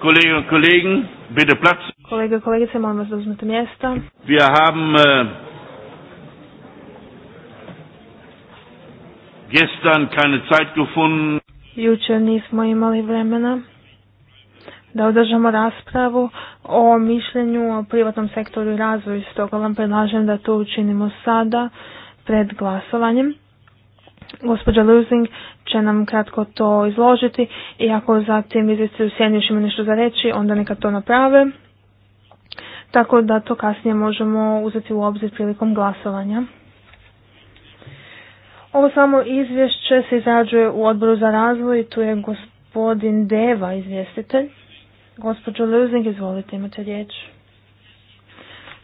Kolleginnen und bitte Platz. Kolege i kolegice, molim vas da uzmete mjesta. Wir haben äh, gestern keine Zeit gefunden. Jučer nismo imali vremena da održamo raspravu o mišljenju o privatnom sektoru i razvoju. Stoga vam predlažem da to učinimo sada pred glasovanjem. Gospođa Lusing će nam kratko to izložiti i ako zatim izvjestitelj u sjeni nešto za reći, onda neka to naprave. Tako da to kasnije možemo uzeti u obzir prilikom glasovanja. Ovo samo izvješće se izrađuje u odboru za razvoj tu je gospodin Deva izvjestitelj. Gospođo Lusing, izvolite, imate riječ.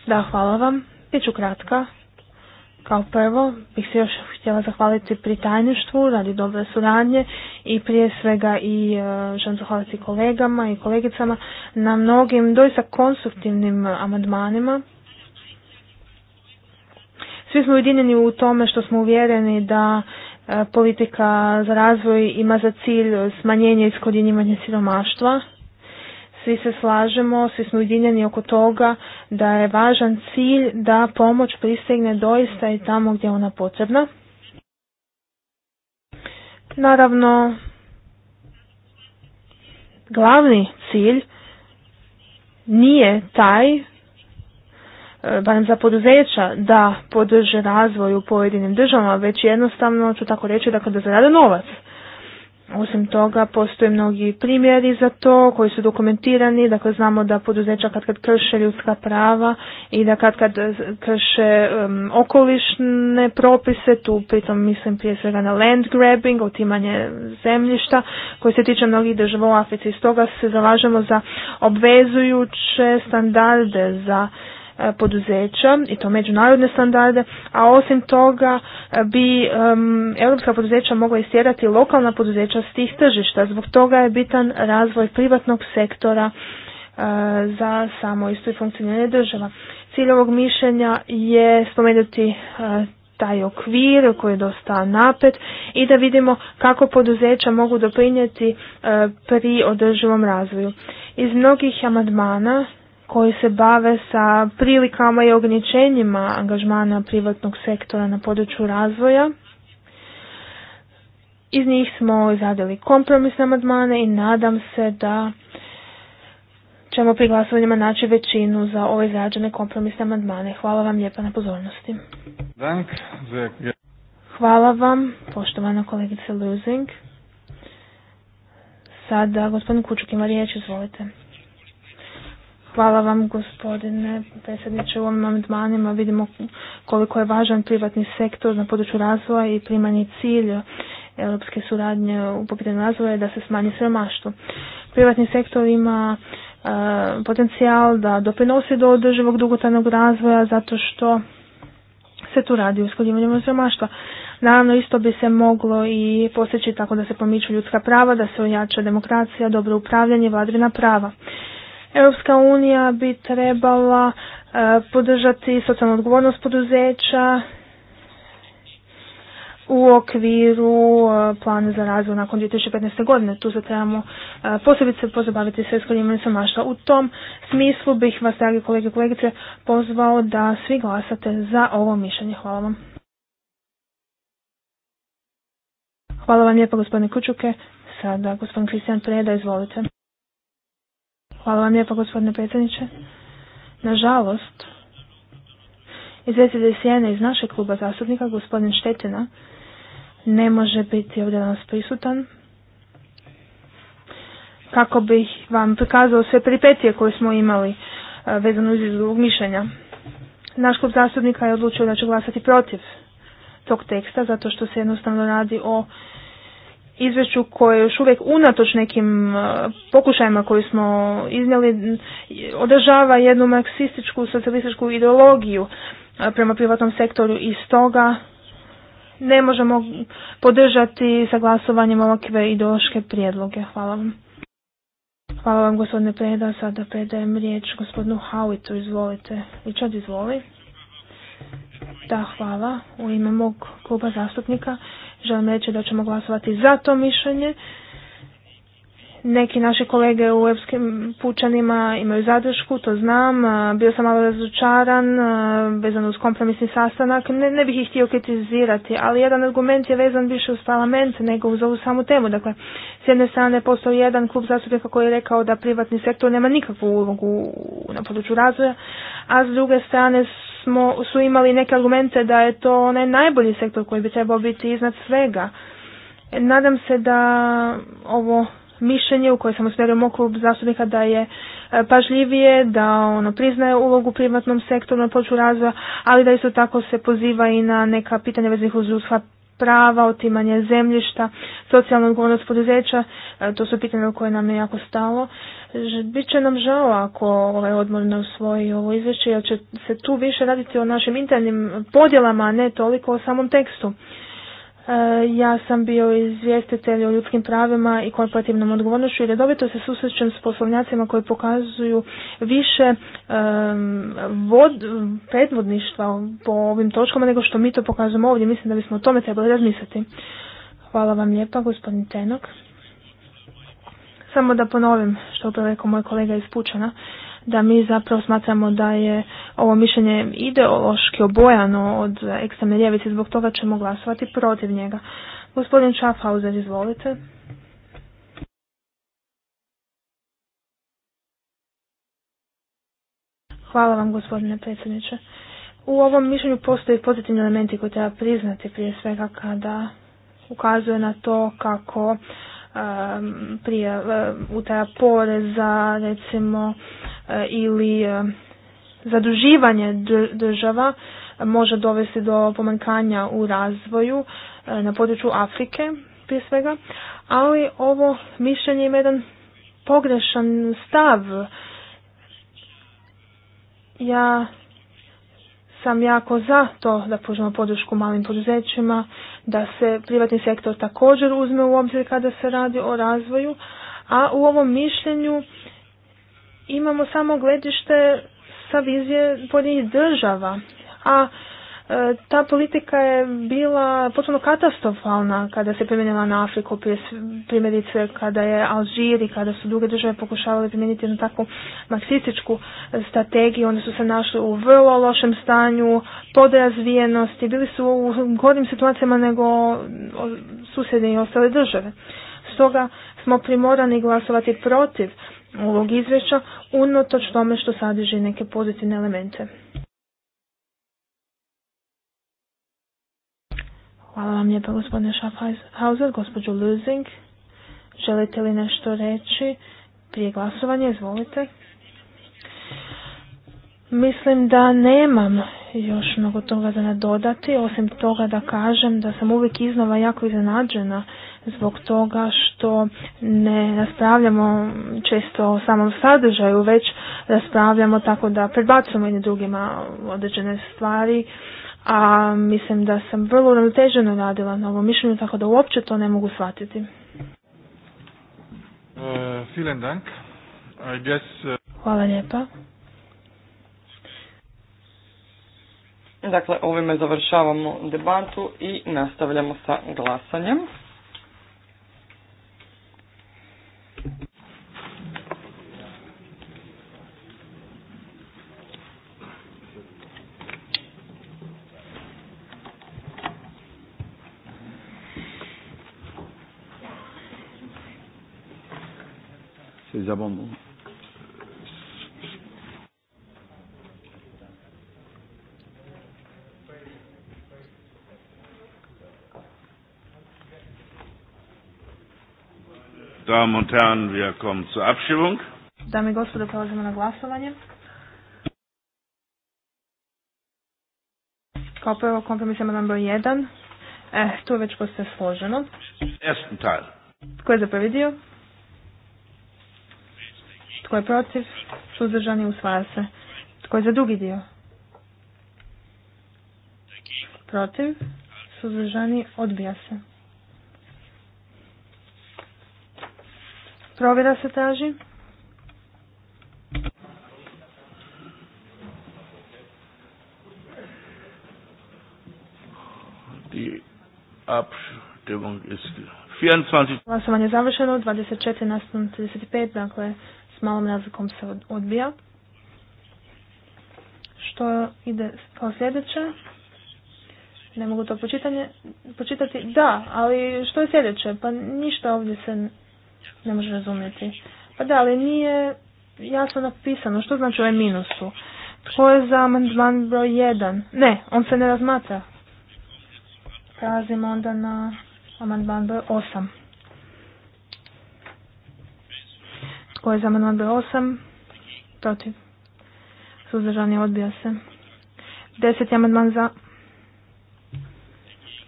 Da, hvala vam. ću kratka. Kao prvo bih se još htjela zahvaliti pri tajništvu, radi dobre suradnje i prije svega i e, želim zahvaliti kolegama i kolegicama na mnogim doista konstruktivnim e, amandmanima. Svi smo ujedinjeni u tome što smo uvjereni da e, politika za razvoj ima za cilj smanjenje i iskorjenjivanje siromaštva svi se slažemo, svi smo ujedinjeni oko toga da je važan cilj da pomoć pristegne doista i tamo gdje ona potrebna. Naravno, glavni cilj nije taj, e, barem za poduzeća, da podrže razvoj u pojedinim državama, već jednostavno ću tako reći dakle, da kada zarade novac. Osim toga, postoje mnogi primjeri za to koji su dokumentirani, dakle znamo da poduzeća kad kad krše ljudska prava i da kad kad eh, krše okolišne propise, tu pritom mislim prije svega na land grabbing, otimanje zemljišta koji se tiče mnogih država u Africi. Stoga se zalažemo za obvezujuće standarde za E, poduzeća i to međunarodne standarde, a osim toga e, bi europska poduzeća mogla istjerati lokalna poduzeća s tih tržišta. Zbog toga je bitan razvoj privatnog sektora e, za samo isto i funkcioniranje država. Cilj ovog mišljenja je spomenuti taj okvir koji je dosta napet i da vidimo kako poduzeća mogu doprinijeti pri održivom razvoju. Iz mnogih amandmana koji se bave sa prilikama i ograničenjima angažmana privatnog sektora na području razvoja. Iz njih smo izradili kompromisne amandmane i nadam se da ćemo pri glasovanjima naći većinu za ove izrađene kompromisne amandmane. Hvala vam lijepa na pozornosti. Hvala vam, poštovana kolegice Luzing. Sada gospodin Kučuk ima riječ, izvolite. Hvala vam gospodine predsjedniče. U ovim amandmanima vidimo koliko je važan privatni sektor na području razvoja i primanje cilj europske suradnje u pitanju razvoja je da se smanji siromaštvo. Privatni sektor ima e, potencijal da doprinosi do održivog dugotrajnog razvoja zato što se tu radi u usklađivanju siromaštva. Naravno, isto bi se moglo i postići tako da se pomiču ljudska prava, da se ojača demokracija, dobro upravljanje, vladrina prava. Europska unija bi trebala e, podržati socijalnu odgovornost poduzeća u okviru e, plana za razvoj nakon 2015. godine. Tu se trebamo e, posebice pozabaviti sa iskorjenjem siromaštva. U tom smislu bih vas, dragi kolege i kolegice, pozvao da svi glasate za ovo mišljenje. Hvala vam. Hvala vam lijepa gospodine Kučuke. Sada gospodin Kristijan Preda, izvolite. Hvala vam lijepo, gospodine predsjedniče. Nažalost, izvjetljede sjene iz našeg kluba zastupnika, gospodin Štetina, ne može biti ovdje danas prisutan kako bih vam prikazao sve peripetije koje smo imali e, vezano uz drugog mišljenja. Naš klub zastupnika je odlučio da će glasati protiv tog teksta zato što se jednostavno radi o izvješću koje još uvijek unatoč nekim e, pokušajima koji smo iznijeli održava jednu marksističku socijalističku ideologiju e, prema privatnom sektoru i stoga ne možemo podržati sa glasovanjem ovakve ideološke prijedloge. Hvala vam. Hvala vam gospodine Preda, sada predajem riječ gospodinu Howitu, izvolite. Ličad, izvolite. Da, hvala. U ime mog kluba zastupnika želim reći da ćemo glasovati za to mišljenje. Neki naši kolege u Europskim pučanima imaju zadršku, to znam. Bio sam malo razočaran, vezan uz kompromisni sastanak. Ne, bih ih htio kritizirati, ali jedan argument je vezan više uz parlament nego uz ovu samu temu. Dakle, s jedne strane postoji jedan klub zastupnika koji je rekao da privatni sektor nema nikakvu ulogu na području razvoja, a s druge strane smo, su imali neke argumente da je to onaj najbolji sektor koji bi trebao biti iznad svega. Nadam se da ovo mišljenje u koje sam usmjerio moj klub zastupnika da je e, pažljivije, da ono priznaje ulogu privatnom sektoru na poču razvoja, ali da isto tako se poziva i na neka pitanja veznih uz prava, otimanje zemljišta, socijalnu odgovornost poduzeća, e, to su pitanja u koje nam je jako stalo. Bit će nam žao ako ovaj odmor ne usvoji ovo izvješće, jer će se tu više raditi o našim internim podjelama, a ne toliko o samom tekstu. E, ja sam bio izvjestitelj o ljudskim pravima i korporativnom odgovornošću i redovito se susrećem s poslovnjacima koji pokazuju više vod, predvodništva po ovim točkama nego što mi to pokazujemo ovdje. Mislim da bismo o tome trebali razmisliti. Hvala vam lijepa, gospodin Tenok. Samo da ponovim što bi rekao moj kolega iz Pučana, da mi zapravo smatramo da je ovo mišljenje ideološki obojano od ekstremne ljevice, zbog toga ćemo glasovati protiv njega. Gospodin Čafauzer, izvolite. Hvala vam gospodine predsjedniče. U ovom mišljenju postoje pozitivni elementi koje treba priznati prije svega kada ukazuje na to kako prije utaja poreza recimo e, ili e, zaduživanje država može dovesti do pomankanja u razvoju e, na području Afrike prije svega, ali ovo mišljenje ima jedan pogrešan stav. Ja sam jako za to da pružimo podršku malim poduzećima, da se privatni sektor također uzme u obzir kada se radi o razvoju, a u ovom mišljenju imamo samo gledište sa vizije pojedinih država, a ta politika je bila potpuno katastrofalna kada se primijenila na Afriku, primjerice kada je Alžir i kada su druge države pokušavale primijeniti jednu takvu marksističku strategiju, onda su se našli u vrlo lošem stanju, podrazvijenosti, bili su u gorim situacijama nego susjedne i ostale države. Stoga smo primorani glasovati protiv ovog izvješća unatoč tome što sadrži neke pozitivne elemente. Hvala vam lijepa gospodine Schaffhauser, gospođo Lusing. Želite li nešto reći prije glasovanja? Izvolite. Mislim da nemam još mnogo toga da nadodati, osim toga da kažem da sam uvijek iznova jako iznenađena zbog toga što ne raspravljamo često o samom sadržaju, već raspravljamo tako da predbacujemo jedni drugima određene stvari a mislim da sam vrlo uravnoteženo radila na ovom mišljenju, tako da uopće to ne mogu shvatiti. Uh, dank. I guess, uh... Hvala lijepa. Dakle, ovime završavamo debatu i nastavljamo sa glasanjem. ces dakle, amendements. Damen und Herren, wir kommen zur Abstimmung. Dame i gospodo, prelazimo na glasovanje. Kao prvo kompromis amandman broj 1. Eh, tu je već postoje složeno. Ersten Teil. Tko je za prvi dio? Tko je protiv? Suzdržani usvaja se. Tko je za drugi dio? Protiv? Suzdržani odbija se. Provjera se traži. Glasovanje je završeno, 24 nastavno 35, dakle s malom razlikom se odbija. Što ide kao sljedeće? Ne mogu to počitanje, počitati. Da, ali što je sljedeće? Pa ništa ovdje se ne može razumjeti. Pa da, ali nije jasno napisano. Što znači ovaj minusu. Tko je za amandman broj 1? Ne, on se ne razmatra. Prelazimo onda na amandman broj 8. Tko je za amandman broj 8? Protiv. Suzdržani odbija se. 10. amandman za.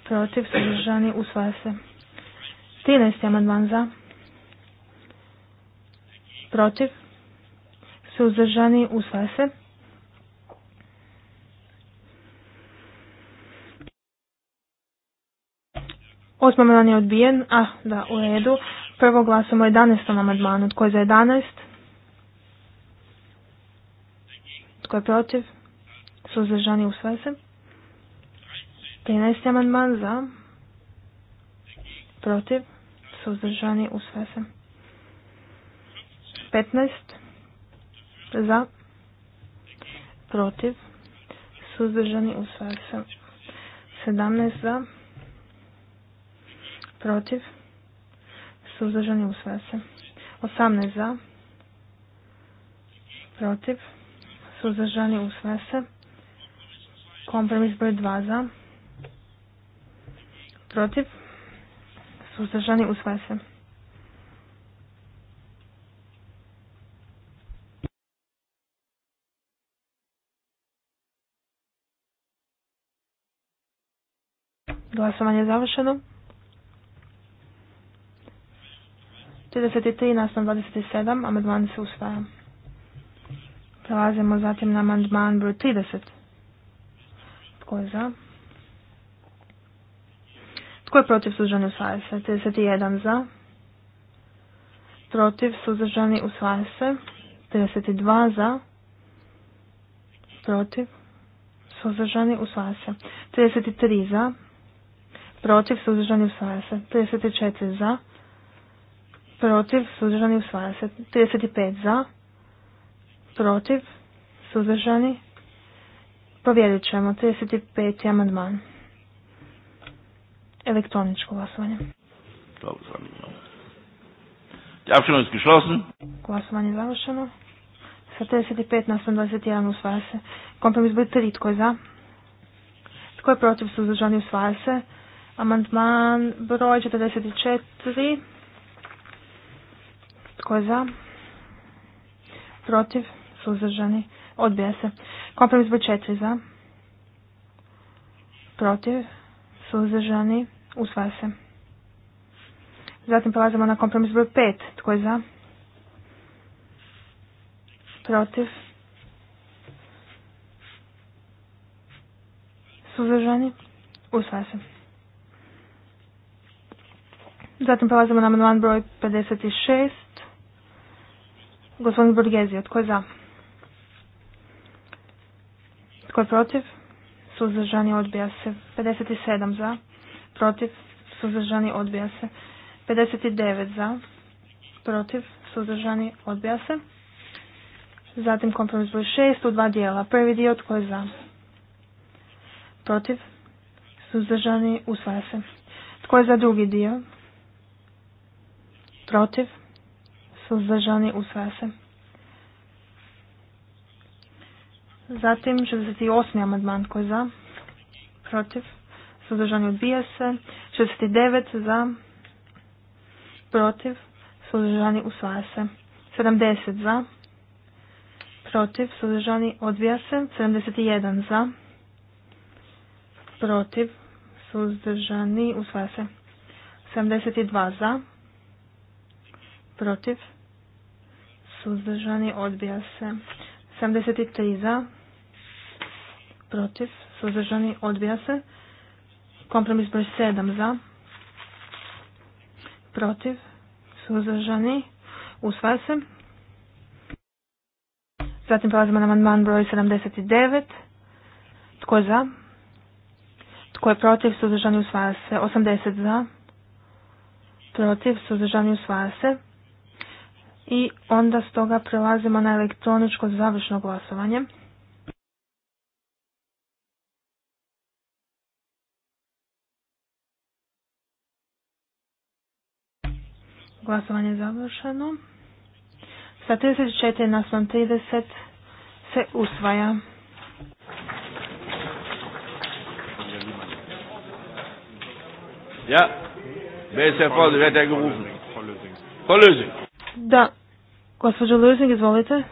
Protiv. Suzdržani usvaja se. 13. amandman za. Protiv. Suzdržani usvaja se. Osmi amandman je odbijen. Ah, da, u redu. Prvo glasamo 11. amandmanu. Tko je za 11? Tko je protiv? Suzdržani u se. 13. amandman za. Protiv. su Suzdržani u se. 15. Za. Protiv. su Suzdržani u se. 17. Za. Protiv suzdržani usvaja se. 18 za, protiv, suzdržani usvaja se. Kompromis broj 2 za, protiv, suzdržani usvaja se. Glasovanje je završeno. 33 nastav 27, amandman se usvaja. Prelazimo zatim na amandman broj 30. Tko je za? Tko je protiv suzdržani usvaja se? 31 za. Protiv suzdržani usvaja se. 32 za. Protiv suzdržani usvaja se. 33 za. Protiv suzdržani usvaja se. 34 za protiv, suzdržani, usvaja se. 35 za, protiv, suzdržani, provjerit ćemo. 35. amandman. Elektroničko glasovanje. Glasovanje je završeno. Sa 35 na 21. usvaja se. Kompromis broj 3. Tko je za? Tko je protiv suzdržani usvaja se? Amandman broj 44. Tko je za? Protiv? Suzdržani? Odbija se. Kompromis broj četiri za? Protiv? Suzdržani? Usvaja se. Zatim prelazimo na kompromis broj pet. Tko je za? Protiv? Suzdržani? Usvaja se. Zatim prelazimo na amandman broj 56. Gospodin Burgezi, tko je za? Tko je protiv? Suzdržani odbija se. 57 za. Protiv. Suzdržani odbija se. 59 za. Protiv. Suzdržani odbija se. Zatim kompromis broj 6 u dva dijela. Prvi dio tko je za? Protiv. Suzdržani usvaja se. Tko je za drugi dio? Protiv suzdržani, u se. Zatim 68. amandman koji je za, protiv, suzdržani odbija se. 69 za, protiv, suzdržani usvaja se. 70 za, protiv, suzdržani odbija se. 71 za, protiv, suzdržani usvaja se. 72 za, protiv, suzdržani, odbija se. 73 za, protiv, suzdržani, odbija se. Kompromis broj 7 za, protiv, suzdržani, usvaja se. Zatim prelazimo na amandman broj 79. Tko je za? Tko je protiv? Suzdržani usvaja se. 80 za. Protiv? Suzdržani usvaja se. I onda stoga prelazimo na elektroničko završno glasovanje. Glasovanje je završeno. Sa 34 na 30 se usvaja. Ja, već se da da, gospođo Luznik, izvolite.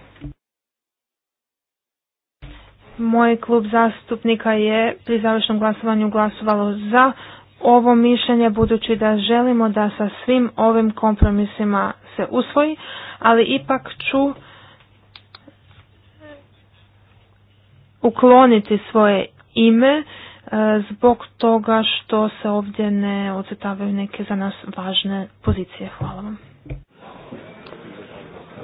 Moj klub zastupnika je pri završnom glasovanju glasovalo za ovo mišljenje budući da želimo da sa svim ovim kompromisima se usvoji, ali ipak ću ukloniti svoje ime e, zbog toga što se ovdje ne ocrtavaju neke za nas važne pozicije. Hvala vam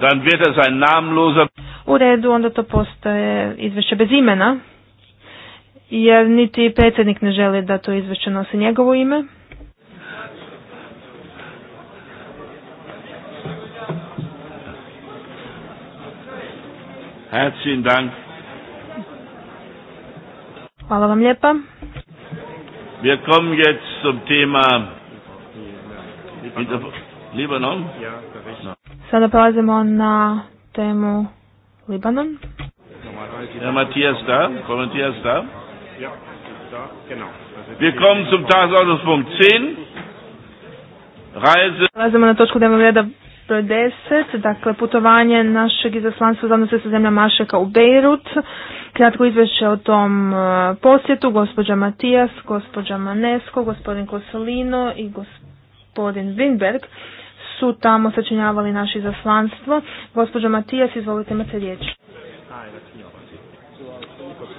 dann wird es er ein namenloser U redu, onda to postaje izvješće bez imena, jer niti predsjednik ne želi da to izvješće nosi njegovo ime. Herzlichen Dank. Hvala vam lijepa. Wir kommen jetzt zum Thema Libanon. Ja, Sada prelazimo na temu Libanon. Herr Matthias da? Frau Matthias da? Ja, da, genau. Wir kommen zum Tagesordnungspunkt 10. Reise. Prelazimo na točku dnevnog reda broj 10, dakle putovanje našeg izaslanstva za odnose sa zemlja Mašeka u Bejrut. Kratko izvješće o tom e, posjetu, gospođa Matijas, gospođa Manesko, gospodin Kosolino i gospodin Winberg su tamo sačinjavali naše zaslanstvo. Gospođo Matijas, izvolite imate riječ.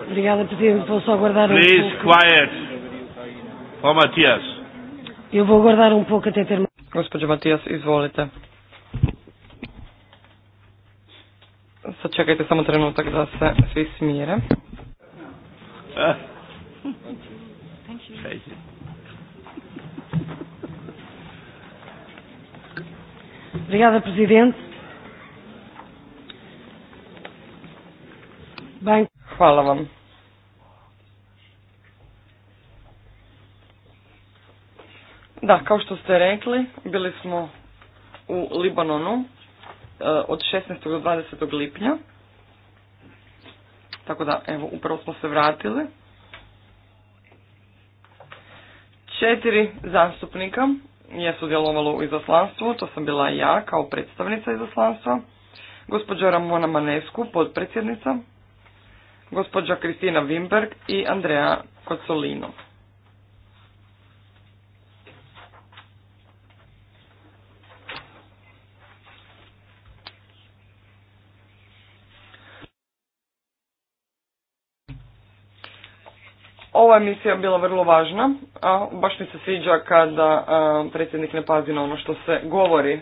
Um Please, quiet. Ó, oh, Matijas. Um Matijas, izvolite. Sad čekajte samo trenutak da se svi smire. Eh. Thank Obrigada, Presidente. Bem... Hvala vam. Da, kao što ste rekli, bili smo u Libanonu e, od 16. do 20. lipnja. Tako da, evo, upravo smo se vratili. Četiri zastupnika je sudjelovalo u izaslanstvu, to sam bila ja kao predstavnica izaslanstva, gospođa Ramona Manesku, podpredsjednica, gospođa Kristina Wimberg i Andrea Kocolino. ova emisija bila vrlo važna, a baš mi se sviđa kada predsjednik ne pazi na ono što se govori.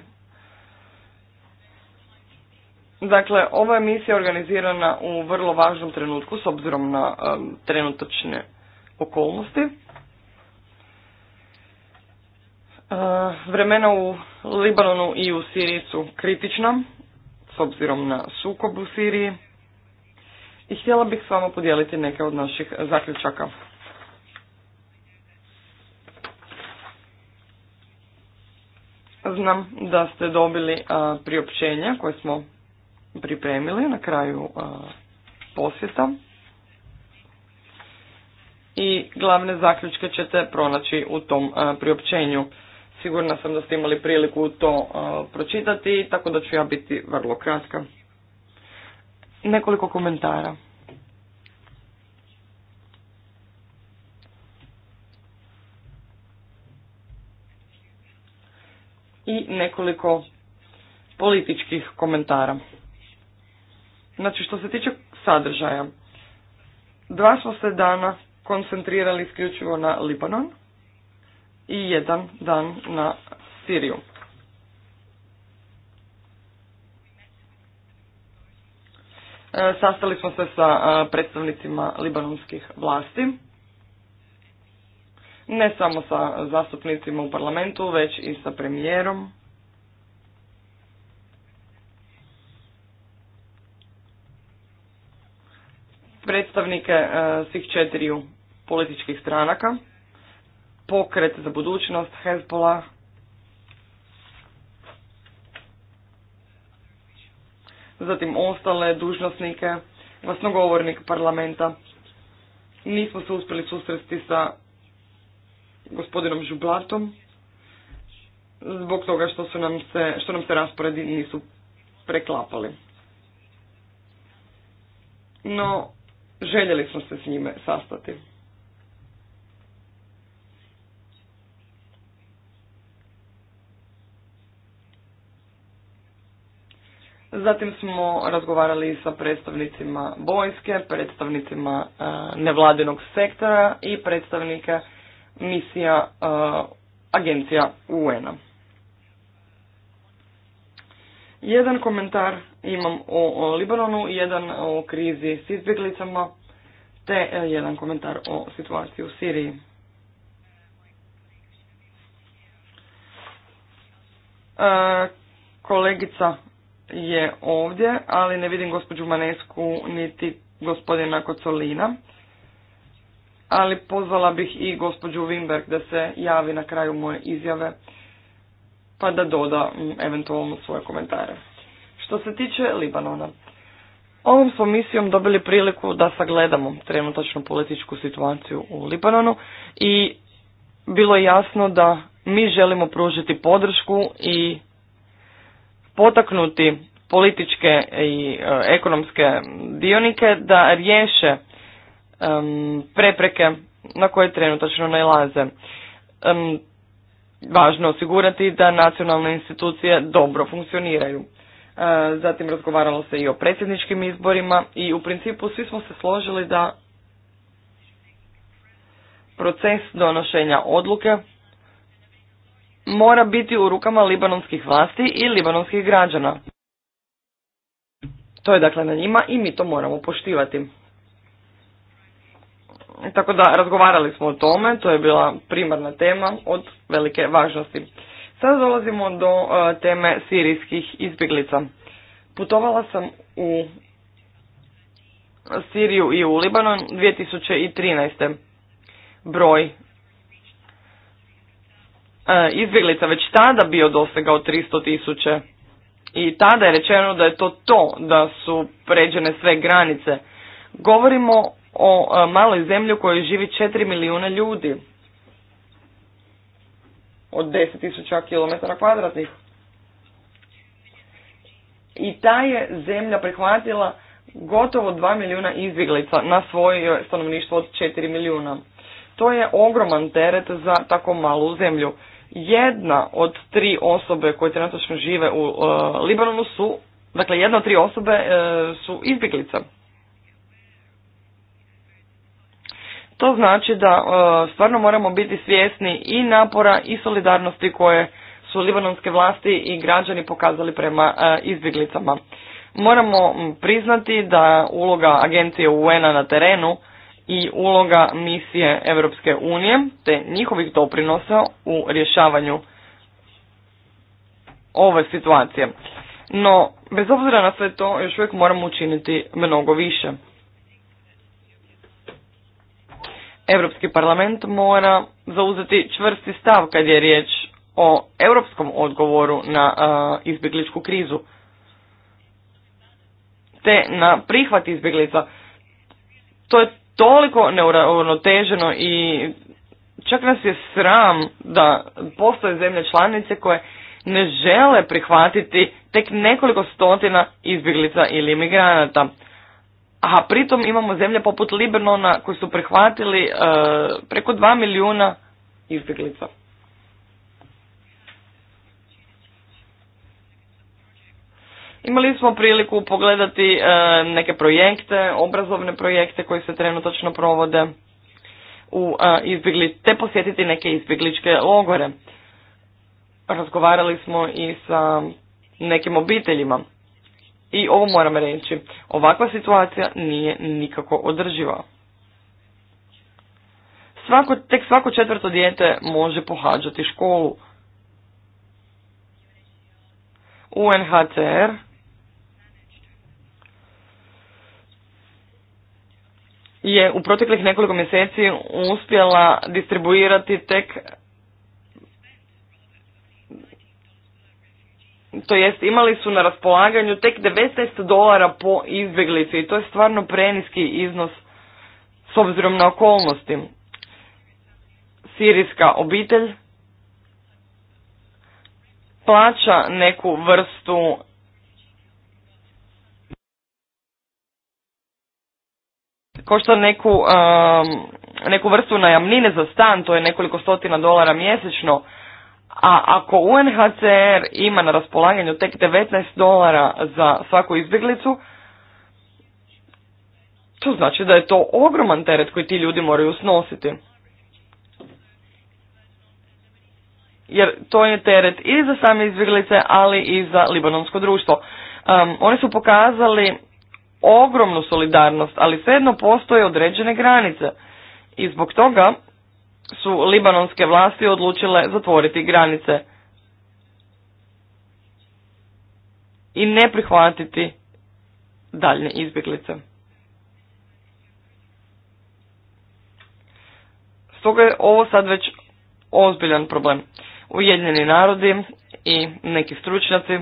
Dakle, ova emisija je organizirana u vrlo važnom trenutku s obzirom na a, trenutačne okolnosti. vremena u Libanonu i u Siriji su kritična s obzirom na sukob u Siriji i htjela bih s vama podijeliti neke od naših zaključaka. Znam da ste dobili priopćenja koje smo pripremili na kraju posjeta i glavne zaključke ćete pronaći u tom priopćenju. Sigurna sam da ste imali priliku to pročitati, tako da ću ja biti vrlo kratka. Nekoliko komentara. i nekoliko političkih komentara. Znači što se tiče sadržaja, dva smo se dana koncentrirali isključivo na Libanon i jedan dan na Siriju. E, sastali smo se sa e, predstavnicima libanonskih vlasti ne samo sa zastupnicima u parlamentu, već i sa premijerom. predstavnike e, svih četiriju političkih stranaka, pokret za budućnost, Hezbola. zatim ostale dužnosnike, glasnogovornik parlamenta. Nismo se uspjeli susresti sa gospodinom Žublatom zbog toga što, su nam se, što nam se rasporedi nisu preklapali. No, željeli smo se s njime sastati. Zatim smo razgovarali sa predstavnicima vojske, predstavnicima eh, nevladinog sektora i predstavnika misija e, agencija UN-a. Jedan komentar imam o, o Libanonu, jedan o krizi s izbjeglicama, te e, jedan komentar o situaciji u Siriji. E, kolegica je ovdje, ali ne vidim gospođu Manesku niti gospodina Kocolina ali pozvala bih i gospođu Wimberg da se javi na kraju moje izjave pa da doda mm, eventualno svoje komentare. Što se tiče Libanona, ovom smo misijom dobili priliku da sagledamo trenutačnu političku situaciju u Libanonu i bilo je jasno da mi želimo pružiti podršku i potaknuti političke i e, ekonomske dionike da riješe prepreke na koje trenutačno najlaze. Važno osigurati da nacionalne institucije dobro funkcioniraju. E, zatim razgovaralo se i o predsjedničkim izborima i u principu svi smo se složili da proces donošenja odluke mora biti u rukama libanonskih vlasti i libanonskih građana. To je dakle na njima i mi to moramo poštivati. Tako da razgovarali smo o tome, to je bila primarna tema od velike važnosti. Sada dolazimo do e, teme sirijskih izbjeglica. Putovala sam u Siriju i u Libanon 2013. Broj e, izbjeglica već tada bio dosegao 300.000 I tada je rečeno da je to to, da su pređene sve granice. Govorimo o e, maloj zemlji u kojoj živi 4 milijuna ljudi od 10.000 km kvadratnih. I ta je zemlja prihvatila gotovo 2 milijuna izbjeglica na svoje stanovništvo od 4 milijuna. To je ogroman teret za tako malu zemlju. Jedna od tri osobe koje trenutno žive u e, Libanonu su, dakle jedna od tri osobe e, su izbjeglica. To znači da e, stvarno moramo biti svjesni i napora i solidarnosti koje su libanonske vlasti i građani pokazali prema e, izbjeglicama. Moramo priznati da uloga agencije UN-a na terenu i uloga misije Europske unije te njihovih doprinosa u rješavanju ove situacije. No, bez obzira na sve to, još uvijek moramo učiniti mnogo više. Europski parlament mora zauzeti čvrsti stav kad je riječ o europskom odgovoru na izbjegličku krizu te na prihvat izbjeglica. To je toliko neuravnoteženo i čak nas je sram da postoje zemlje članice koje ne žele prihvatiti tek nekoliko stotina izbjeglica ili imigranata a pritom imamo zemlje poput Libanona koji su prihvatili e, preko 2 milijuna izbjeglica. Imali smo priliku pogledati e, neke projekte, obrazovne projekte koji se trenutno provode u e, izbjegli, te posjetiti neke izbjegličke logore. Razgovarali smo i sa nekim obiteljima. I ovo moram reći, ovakva situacija nije nikako održiva. Svako, tek svako četvrto dijete može pohađati školu. UNHCR je u proteklih nekoliko mjeseci uspjela distribuirati tek to jest imali su na raspolaganju tek 19 dolara po izbjeglici i to je stvarno preniski iznos s obzirom na okolnosti. Sirijska obitelj plaća neku vrstu košta neku, um, neku vrstu najamnine za stan, to je nekoliko stotina dolara mjesečno, a ako UNHCR ima na raspolaganju tek 19 dolara za svaku izbjeglicu, to znači da je to ogroman teret koji ti ljudi moraju snositi. Jer to je teret i za same izbjeglice, ali i za libanonsko društvo. Um, oni su pokazali ogromnu solidarnost, ali svejedno postoje određene granice. I zbog toga su libanonske vlasti odlučile zatvoriti granice i ne prihvatiti daljne izbjeglice. Stoga je ovo sad već ozbiljan problem. Ujedinjeni narodi i neki stručnjaci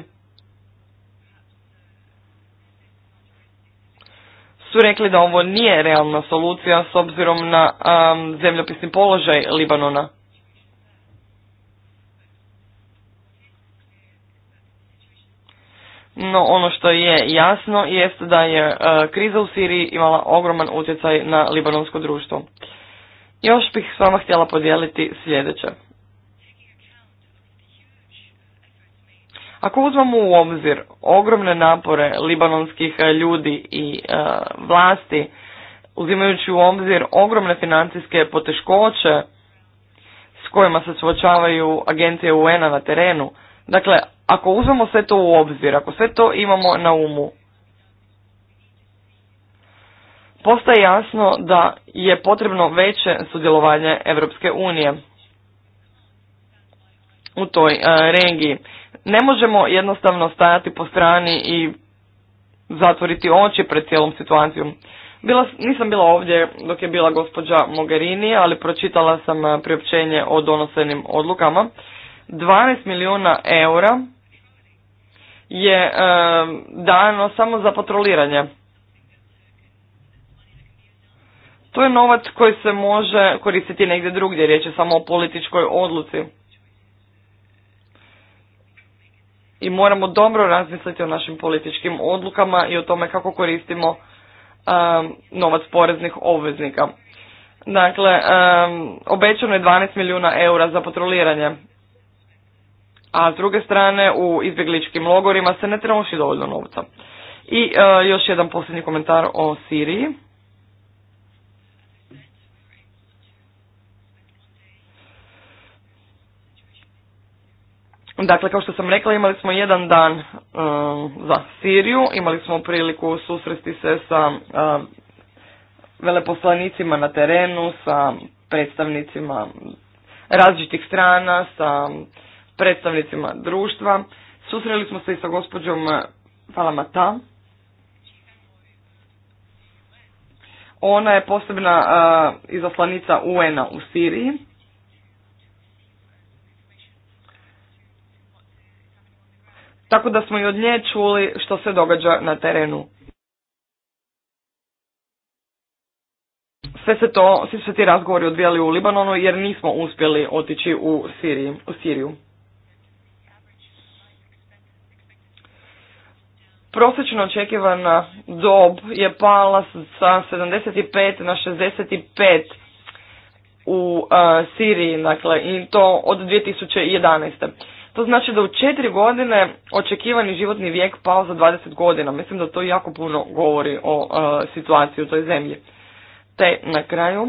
su rekli da ovo nije realna solucija s obzirom na um, zemljopisni položaj Libanona. No ono što je jasno jest da je uh, kriza u Siriji imala ogroman utjecaj na libanonsko društvo. Još bih s vama htjela podijeliti sljedeće. Ako uzmemo u obzir ogromne napore libanonskih e, ljudi i e, vlasti, uzimajući u obzir ogromne financijske poteškoće s kojima se suočavaju agencije UN-a na terenu, dakle, ako uzmemo sve to u obzir, ako sve to imamo na umu, postaje jasno da je potrebno veće sudjelovanje Europske unije u toj e, regiji. Ne možemo jednostavno stajati po strani i zatvoriti oči pred cijelom situacijom. Bila, nisam bila ovdje dok je bila gospođa Mogherini, ali pročitala sam eh, priopćenje o donosenim odlukama. 12 milijuna eura je e, dano samo za patroliranje. To je novac koji se može koristiti negdje drugdje, riječ je samo o političkoj odluci. i moramo dobro razmisliti o našim političkim odlukama i o tome kako koristimo um, novac poreznih obveznika. Dakle, um, obećano je 12 milijuna eura za patroliranje, a s druge strane u izbjegličkim logorima se ne troši dovoljno novca. I uh, još jedan posljednji komentar o Siriji. Dakle, kao što sam rekla, imali smo jedan dan um, za Siriju, imali smo priliku susresti se sa um, veleposlanicima na terenu, sa predstavnicima različitih strana, sa predstavnicima društva. Susreli smo se i sa gospođom Falamata. Ona je posebna uh, izaslanica UN-a u Siriji. Tako da smo i od nje čuli što se događa na terenu. Sve se to, svi se ti razgovori odvijali u Libanonu jer nismo uspjeli otići u, Siriji, u Siriju. Prosječno očekivana dob je pala sa 75 na 65 u Siriji, dakle, i to od 2011. To znači da u četiri godine očekivani životni vijek pao za 20 godina. Mislim da to jako puno govori o e, situaciji u toj zemlji. Te na kraju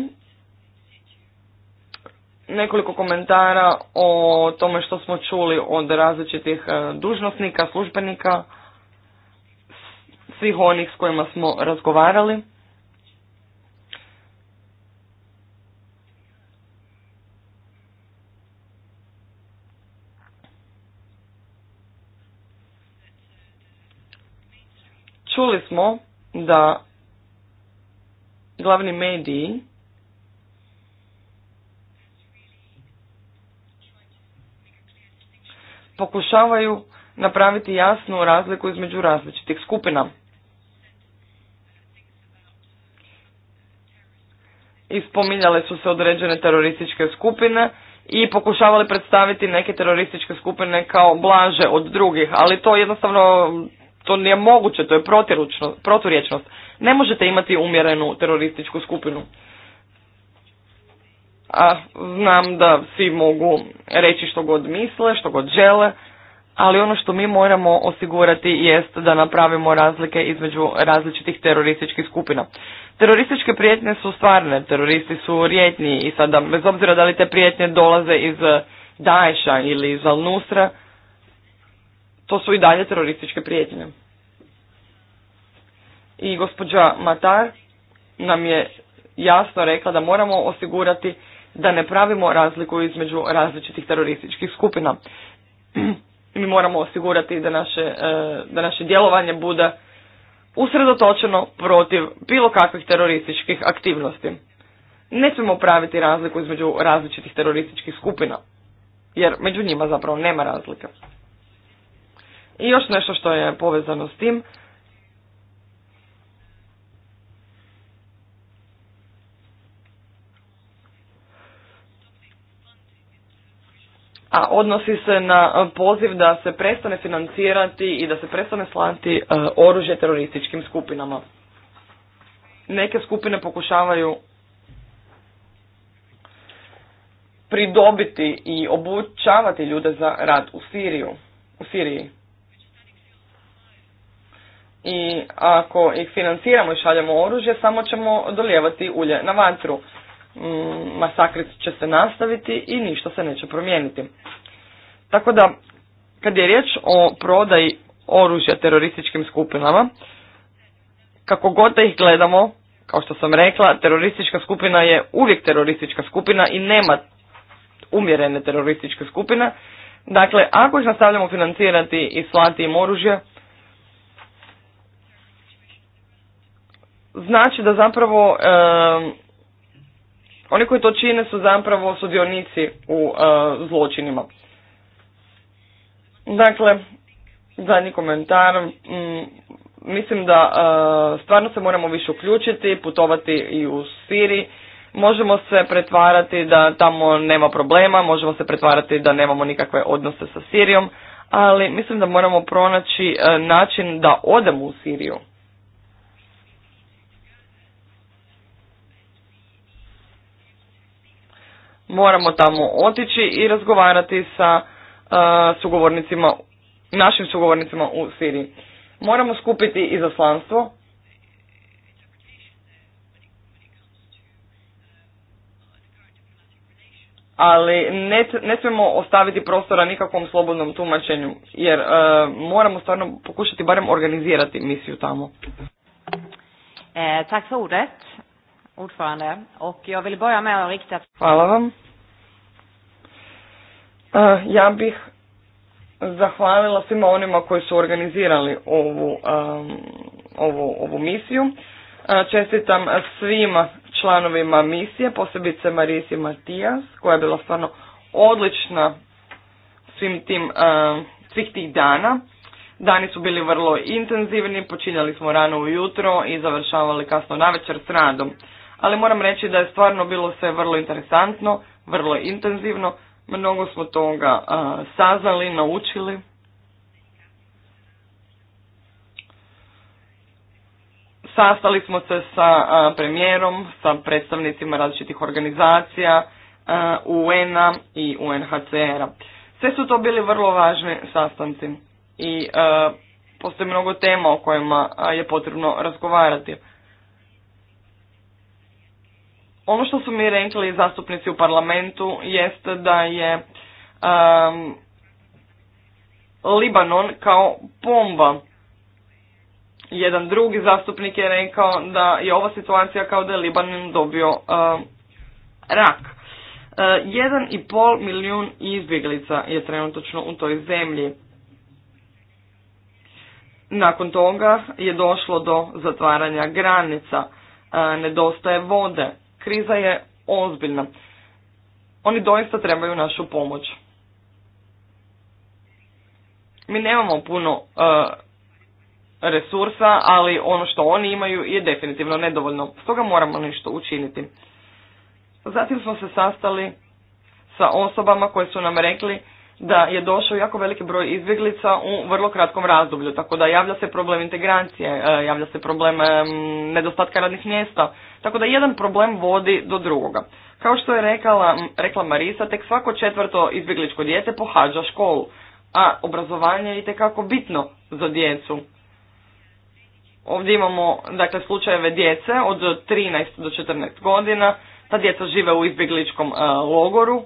nekoliko komentara o tome što smo čuli od različitih e, dužnosnika, službenika, svih onih s kojima smo razgovarali. čuli smo da glavni mediji pokušavaju napraviti jasnu razliku između različitih skupina. I su se određene terorističke skupine i pokušavali predstaviti neke terorističke skupine kao blaže od drugih, ali to jednostavno to nije moguće, to je proturječnost. Ne možete imati umjerenu terorističku skupinu. A znam da svi mogu reći što god misle, što god žele, ali ono što mi moramo osigurati jest da napravimo razlike između različitih terorističkih skupina. Terorističke prijetnje su stvarne, teroristi su rijetni i sada bez obzira da li te prijetnje dolaze iz Daesha ili iz Al-Nusra, to su i dalje terorističke prijetnje. I gospođa Matar nam je jasno rekla da moramo osigurati da ne pravimo razliku između različitih terorističkih skupina. Mi moramo osigurati da naše, e, da naše djelovanje bude usredotočeno protiv bilo kakvih terorističkih aktivnosti. Ne smijemo praviti razliku između različitih terorističkih skupina, jer među njima zapravo nema razlika. I još nešto što je povezano s tim. a odnosi se na poziv da se prestane financirati i da se prestane slati e, oružje terorističkim skupinama. Neke skupine pokušavaju pridobiti i obučavati ljude za rad u Siriju, u Siriji i ako ih financiramo i šaljemo oružje, samo ćemo dolijevati ulje na vatru. Mm, Masakrit će se nastaviti i ništa se neće promijeniti. Tako da, kad je riječ o prodaji oružja terorističkim skupinama, kako god da ih gledamo, kao što sam rekla, teroristička skupina je uvijek teroristička skupina i nema umjerene terorističke skupine. Dakle, ako ih nastavljamo financirati i slati im oružje, znači da zapravo oni koji to čine su zapravo sudionici u eh, zločinima. Dakle, zadnji komentar. Mm, mislim da eh, stvarno se moramo više uključiti, putovati i u Siriji. Možemo se pretvarati da tamo nema problema, možemo se pretvarati da nemamo nikakve odnose sa Sirijom, ali mislim da moramo pronaći eh, način da odemo u Siriju. moramo tamo otići i razgovarati sa uh, sugovornicima, našim sugovornicima u Siriji. Moramo skupiti izaslanstvo. Ali ne, ne smijemo ostaviti prostora nikakvom slobodnom tumačenju, jer uh, moramo stvarno pokušati barem organizirati misiju tamo. E, eh, tak för ordförande och jag vill börja med att Hvala vam. Eh, ja bih zahvalila svima onima koji su organizirali ovu, um, ovu, ovu misiju. Eh, čestitam svima članovima misije, posebice Marisi Matijas, koja je bila stvarno odlična svim tim, uh, svih tih dana. Dani su bili vrlo intenzivni, počinjali smo rano ujutro i završavali kasno navečer s radom ali moram reći da je stvarno bilo sve vrlo interesantno, vrlo intenzivno, mnogo smo toga saznali, naučili. Sastali smo se sa premijerom, sa predstavnicima različitih organizacija, UN-a i UNHCR-a. Sve su to bili vrlo važni sastanci i postoji mnogo tema o kojima je potrebno razgovarati. Ono što su mi rekli zastupnici u parlamentu jest da je Libanon kao pomba. Jedan drugi zastupnik je rekao da je ova situacija kao da je Libanon dobio um, rak. E, jedan i pol milijun izbjeglica je trenutno u toj zemlji. Nakon toga je došlo do zatvaranja granica, e, nedostaje vode, kriza je ozbiljna. Oni doista trebaju našu pomoć. Mi nemamo puno e, resursa, ali ono što oni imaju je definitivno nedovoljno. Stoga moramo nešto učiniti. Zatim smo se sastali sa osobama koje su nam rekli da je došao jako veliki broj izbjeglica u vrlo kratkom razdoblju, tako da javlja se problem integracije, e, javlja se problem nedostatka radnih mjesta, tako da jedan problem vodi do drugoga. Kao što je rekala, rekla Marisa, tek svako četvrto izbjegličko dijete pohađa školu, a obrazovanje je itekako bitno za djecu. Ovdje imamo dakle, slučajeve djece od 13 do 14 godina, ta djeca žive u izbjegličkom e, logoru,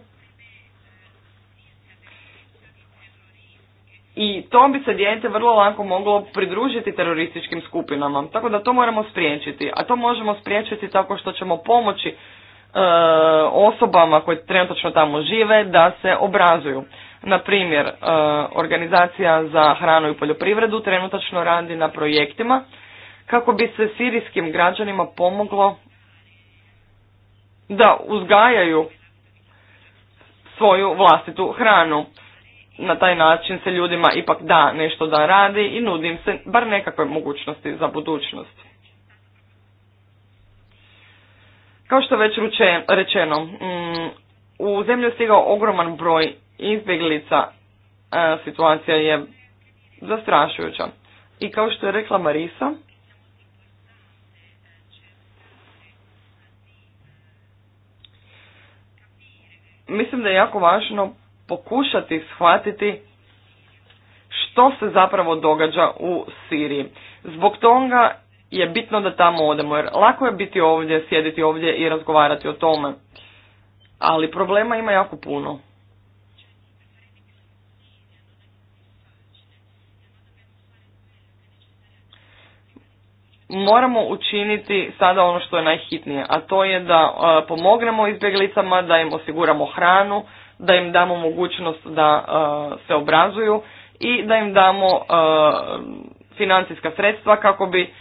i to bi se dijete vrlo lako moglo pridružiti terorističkim skupinama. Tako da to moramo spriječiti. A to možemo spriječiti tako što ćemo pomoći e, osobama koje trenutačno tamo žive da se obrazuju. Na primjer, e, organizacija za hranu i poljoprivredu trenutačno radi na projektima kako bi se sirijskim građanima pomoglo da uzgajaju svoju vlastitu hranu na taj način se ljudima ipak da nešto da radi i nudim se bar nekakve mogućnosti za budućnost. Kao što već rečeno, mm, u zemlju je stigao ogroman broj izbjeglica, e, situacija je zastrašujuća. I kao što je rekla Marisa, mislim da je jako važno pokušati shvatiti što se zapravo događa u Siriji. Zbog toga je bitno da tamo odemo, jer lako je biti ovdje, sjediti ovdje i razgovarati o tome. Ali problema ima jako puno. moramo učiniti sada ono što je najhitnije, a to je da e, pomognemo izbjeglicama, da im osiguramo hranu, da im damo mogućnost da uh, se obrazuju i da im damo uh, financijska sredstva kako bi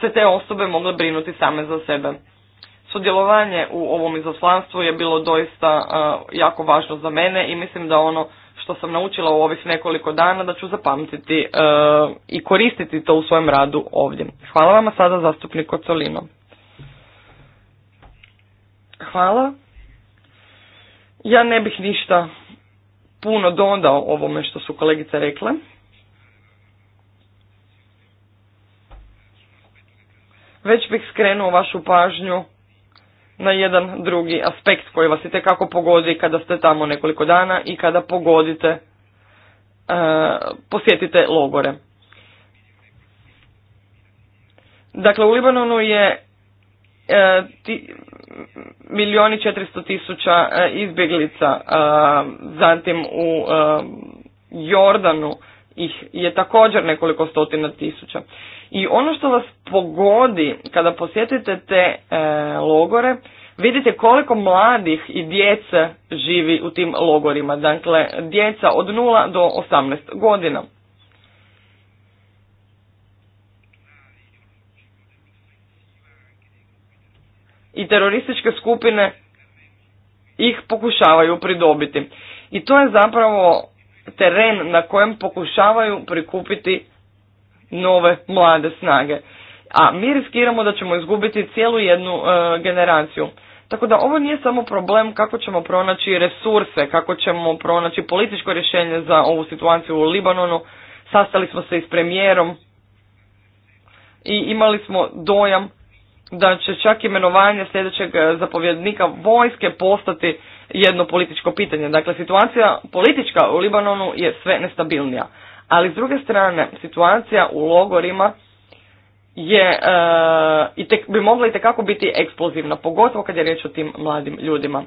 se te osobe mogle brinuti same za sebe. Sudjelovanje u ovom izoslanstvu je bilo doista uh, jako važno za mene i mislim da ono što sam naučila u ovih nekoliko dana da ću zapamtiti i koristiti to u svojem radu ovdje. Hvala vam sada zastupniku Colino. Hvala. Ja ne bih ništa puno dodao ovome što su kolegice rekle. Već bih skrenuo vašu pažnju na jedan drugi aspekt koji vas i tekako pogodi kada ste tamo nekoliko dana i kada pogodite, e, posjetite logore. Dakle, u Libanonu je E, milijoni četiristo tisuća e, izbjeglica, e, zatim u Jordanu ih je također nekoliko stotina tisuća. I ono što vas pogodi kada posjetite te logore, vidite koliko mladih i djece živi u tim logorima, dakle djeca od 0 do 18 godina. i terorističke skupine ih pokušavaju pridobiti. I to je zapravo teren na kojem pokušavaju prikupiti nove mlade snage. A mi riskiramo da ćemo izgubiti cijelu jednu e, generaciju. Tako da ovo nije samo problem kako ćemo pronaći resurse, kako ćemo pronaći političko rješenje za ovu situaciju u Libanonu. Sastali smo se i s premijerom i imali smo dojam da će čak imenovanje sljedećeg eh, zapovjednika vojske postati jedno političko pitanje. Dakle, situacija politička u Libanonu je sve nestabilnija. Ali s druge strane, situacija u logorima je eh, i bi mogla i tekako biti eksplozivna, pogotovo kad je riječ o tim mladim ljudima.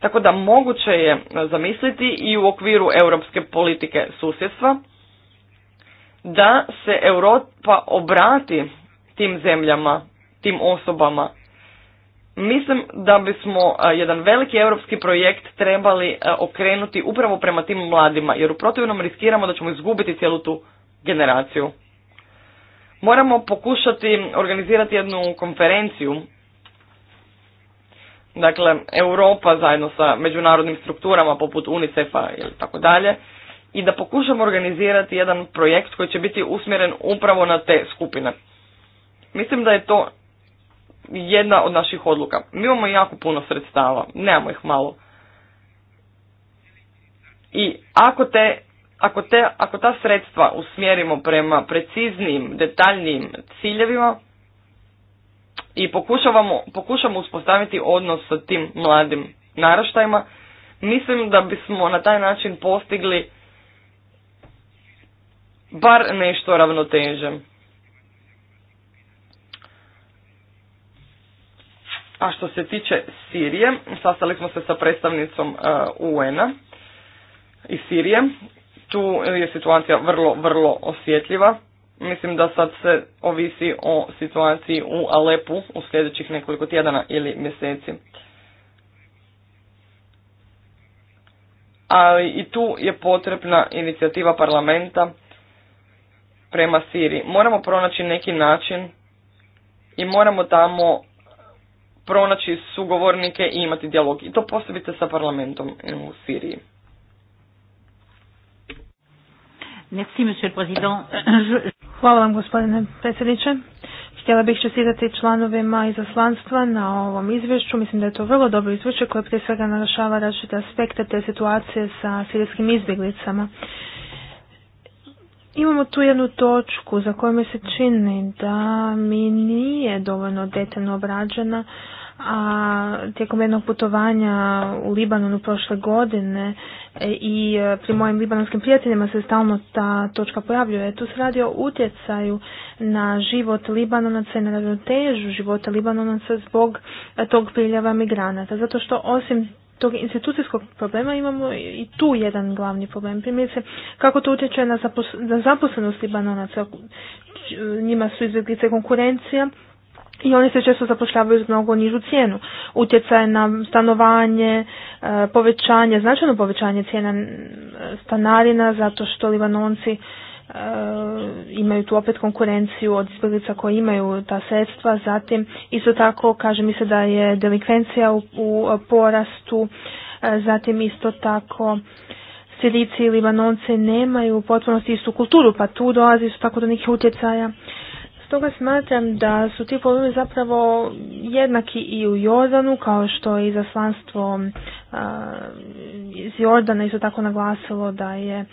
Tako da moguće je zamisliti i u okviru europske politike susjedstva da se Europa obrati tim zemljama tim osobama. Mislim da bismo jedan veliki europski projekt trebali okrenuti upravo prema tim mladima, jer u protivnom riskiramo da ćemo izgubiti cijelu tu generaciju. Moramo pokušati organizirati jednu konferenciju, dakle Europa zajedno sa međunarodnim strukturama poput UNICEF-a ili tako dalje, i da pokušamo organizirati jedan projekt koji će biti usmjeren upravo na te skupine. Mislim da je to jedna od naših odluka. Mi imamo jako puno sredstava, nemamo ih malo. I ako te, ako te, ako ta sredstva usmjerimo prema preciznim, detaljnim ciljevima i pokušavamo, pokušamo uspostaviti odnos sa tim mladim naraštajima, mislim da bismo na taj način postigli bar nešto ravnotežem. A što se tiče Sirije, sastali smo se sa predstavnicom e, UN-a i Sirije. Tu je situacija vrlo, vrlo osjetljiva. Mislim da sad se ovisi o situaciji u Alepu u sljedećih nekoliko tjedana ili mjeseci. Ali i tu je potrebna inicijativa parlamenta prema Siriji. Moramo pronaći neki način i moramo tamo pronaći sugovornike i imati dijalog. I to posebite sa parlamentom u Siriji. Hvala vam, gospodine predsjedniče. Htjela bih čestitati članovima izaslanstva na ovom izvješću. Mislim da je to vrlo dobro izvješće koje prije svega narašava različite aspekte te situacije sa sirijskim izbjeglicama. Imamo tu jednu točku za koju mi se čini da mi nije dovoljno detaljno obrađena, a tijekom jednog putovanja u Libanonu prošle godine e, i e, pri mojim libanonskim prijateljima se stalno ta točka pojavljuje. Tu se radi o utjecaju na život Libanonaca i na ravnotežu života Libanonaca zbog e, tog priljeva migranata. Zato što osim tog institucijskog problema imamo i tu jedan glavni problem. Primjerice, kako to utječe na, zapos na zaposlenost Libanonaca, njima su izbjeglice konkurencija, i oni se često zapošljavaju za mnogo nižu cijenu. Utjecaj na stanovanje, e, povećanje, značajno povećanje cijena e, stanarina zato što Libanonci E, imaju tu opet konkurenciju od izbjeglica koji imaju ta sredstva. Zatim, isto tako, kaže mi se da je delikvencija u, porastu, e, zatim isto tako Sirici i Libanonce nemaju u potpunosti istu kulturu, pa tu dolazi isto tako do nekih utjecaja. Stoga smatram da su ti problemi zapravo jednaki i u Jordanu, kao što je izaslanstvo uh, iz Jordana isto tako naglasilo da je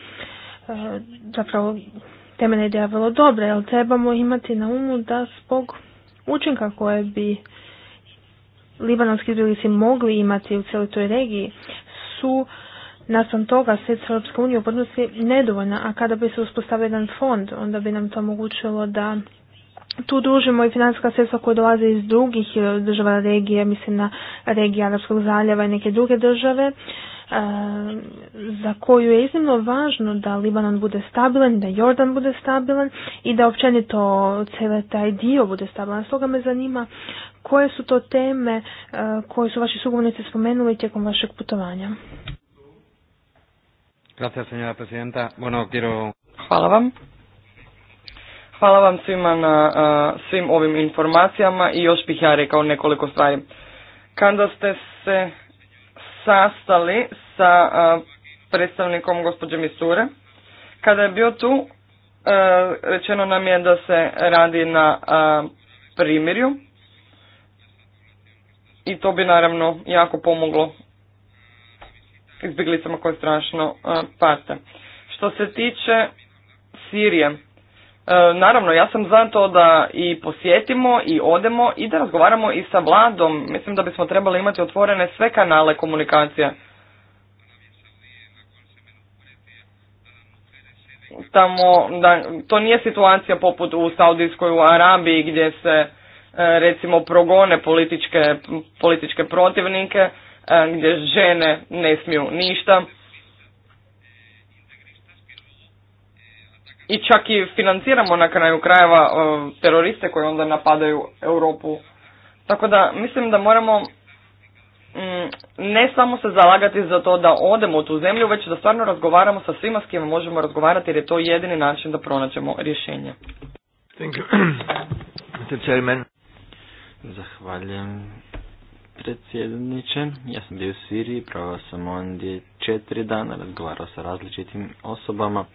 E, zapravo temeljna ideja vrlo dobra, jer trebamo imati na umu da zbog učinka koje bi libanonski izbjeglici mogli imati u cijeloj toj regiji su nastavno toga sve Europske unije u podnosi nedovoljna, a kada bi se uspostavio jedan fond, onda bi nam to omogućilo da tu družimo i financijska sredstva koja dolaze iz drugih e, država regije, mislim na regije Arabskog zaljeva i neke druge države, E, za koju je iznimno važno da Libanon bude stabilan, da Jordan bude stabilan i da općenito cijeli taj dio bude stabilan. Stoga me zanima koje su to teme e, koje su vaši sugovornici spomenuli tijekom vašeg putovanja. Hvala vam. Hvala vam svima na svim ovim informacijama i još bih ja rekao nekoliko stvari. Kada ste se sastali sa predstavnikom gospođe Misure. Kada je bio tu, e, rečeno nam je da se radi na primirju i to bi naravno jako pomoglo izbjeglicama koje strašno pate. Što se tiče Sirije, E, naravno, ja sam za to da i posjetimo i odemo i da razgovaramo i sa vladom. Mislim da bismo trebali imati otvorene sve kanale komunikacije. Tamo, da, to nije situacija poput u Saudijskoj u Arabiji gdje se e, recimo progone političke, političke protivnike, e, gdje žene ne smiju ništa i čak i financiramo na kraju krajeva e, teroriste koji onda napadaju Europu. Tako da mislim da moramo mm, ne samo se zalagati za to da odemo u tu zemlju, već da stvarno razgovaramo sa svima s kime možemo razgovarati jer je to jedini način da pronađemo rješenje. Thank you. Zahvaljujem predsjedniče. Ja sam bio u Siriji, pravao sam ondje četiri dana, razgovarao sa različitim osobama.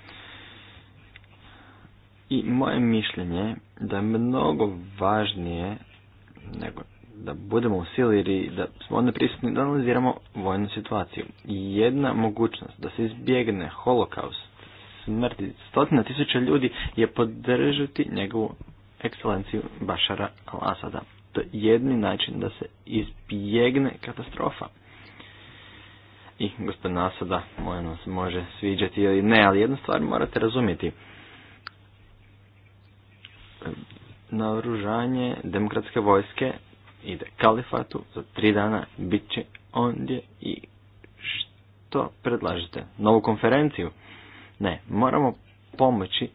I moje mišljenje da je mnogo važnije nego da budemo u sili da smo onda prisutni da analiziramo vojnu situaciju. jedna mogućnost da se izbjegne holokaust smrti stotina tisuća ljudi je podržati njegovu ekscelenciju Bašara al-Asada. To je jedni način da se izbjegne katastrofa. I gospodin Asada, moj se može sviđati ili ne, ali jednu stvar morate razumjeti naoružanje demokratske vojske ide kalifatu, za tri dana bit će ondje i što predlažete? Novu konferenciju? Ne, moramo pomoći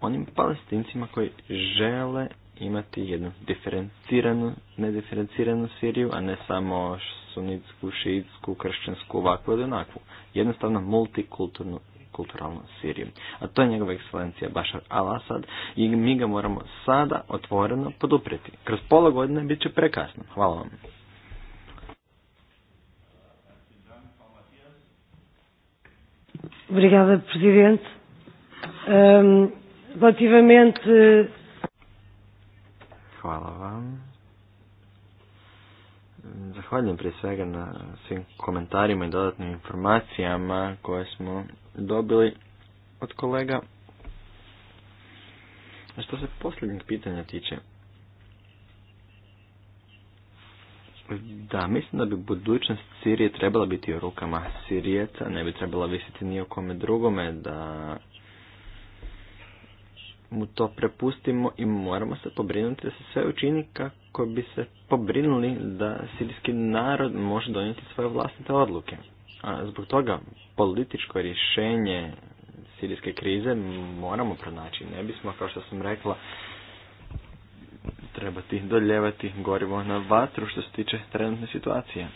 onim palestincima koji žele imati jednu diferenciranu, nediferenciranu Siriju, a ne samo sunitsku, šiitsku, kršćansku, ovakvu ili onakvu. Jednostavno multikulturnu kulturalnu Siriju. A to je njegova ekscelencija Bašar Al-Assad i mi ga moramo sada otvoreno podupriti. Kroz pola godine bit će prekasno. Hvala vam. Obrigada, Presidente. Ehm, relativamente. Hvala vam. Zahvaljujem prije svega na svim komentarima i dodatnim informacijama koje smo dobili od kolega. A što se posljednjeg pitanja tiče, da, mislim da bi budućnost Sirije trebala biti u rukama Sirijeca, ne bi trebala visiti ni o kome drugome, da mu to prepustimo i moramo se pobrinuti da se sve učini kako kako bi se pobrinuli da sirijski narod može donijeti svoje vlastite odluke. A zbog toga političko rješenje sirijske krize moramo pronaći. Ne bismo, kao što sam rekla, trebati doljevati gorivo na vatru što se tiče trenutne situacije. A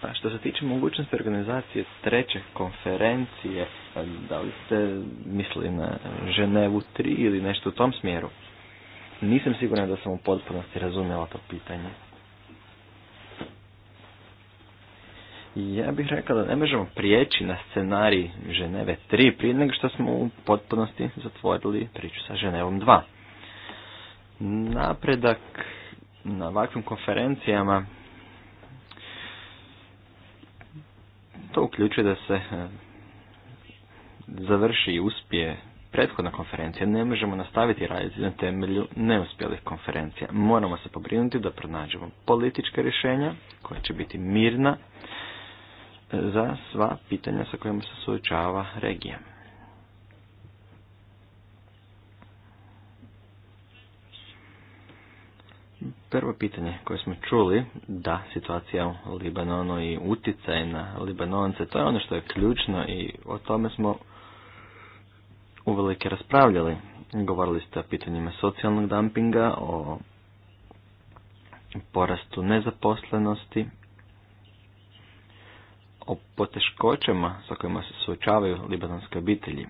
pa što se tiče mogućnosti organizacije treće konferencije, da li ste mislili na Ženevu 3 ili nešto u tom smjeru? Nisam siguran da sam u potpunosti razumjela to pitanje. Ja bih rekao da ne možemo prijeći na scenarij Ženeve 3 prije nego što smo u potpunosti zatvorili priču sa Ženevom 2. Napredak na ovakvim konferencijama to uključuje da se eh, završi i uspije prethodna konferencija, ne možemo nastaviti raditi na temelju neuspjelih konferencija. Moramo se pobrinuti da pronađemo politička rješenja koja će biti mirna e, za sva pitanja sa kojima se suočava regija. Prvo pitanje koje smo čuli, da, situacija u Libanonu i utjecaj na Libanonce, to je ono što je ključno i o tome smo uvelike raspravljali. Govorili ste o pitanjima socijalnog dumpinga, o porastu nezaposlenosti, o poteškoćama sa kojima se suočavaju libanonske obitelji.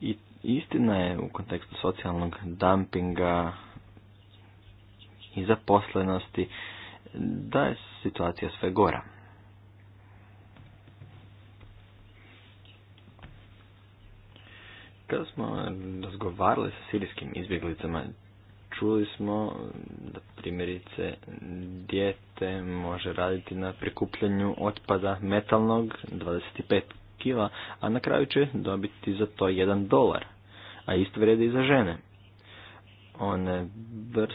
I istina je u kontekstu socijalnog dumpinga i zaposlenosti da je situacija sve gora. Kada smo razgovarali sa sirijskim izbjeglicama, čuli smo da primjerice dijete može raditi na prikupljanju otpada metalnog 25 kila, a na kraju će dobiti za to 1 dolar, a isto vrijedi i za žene. One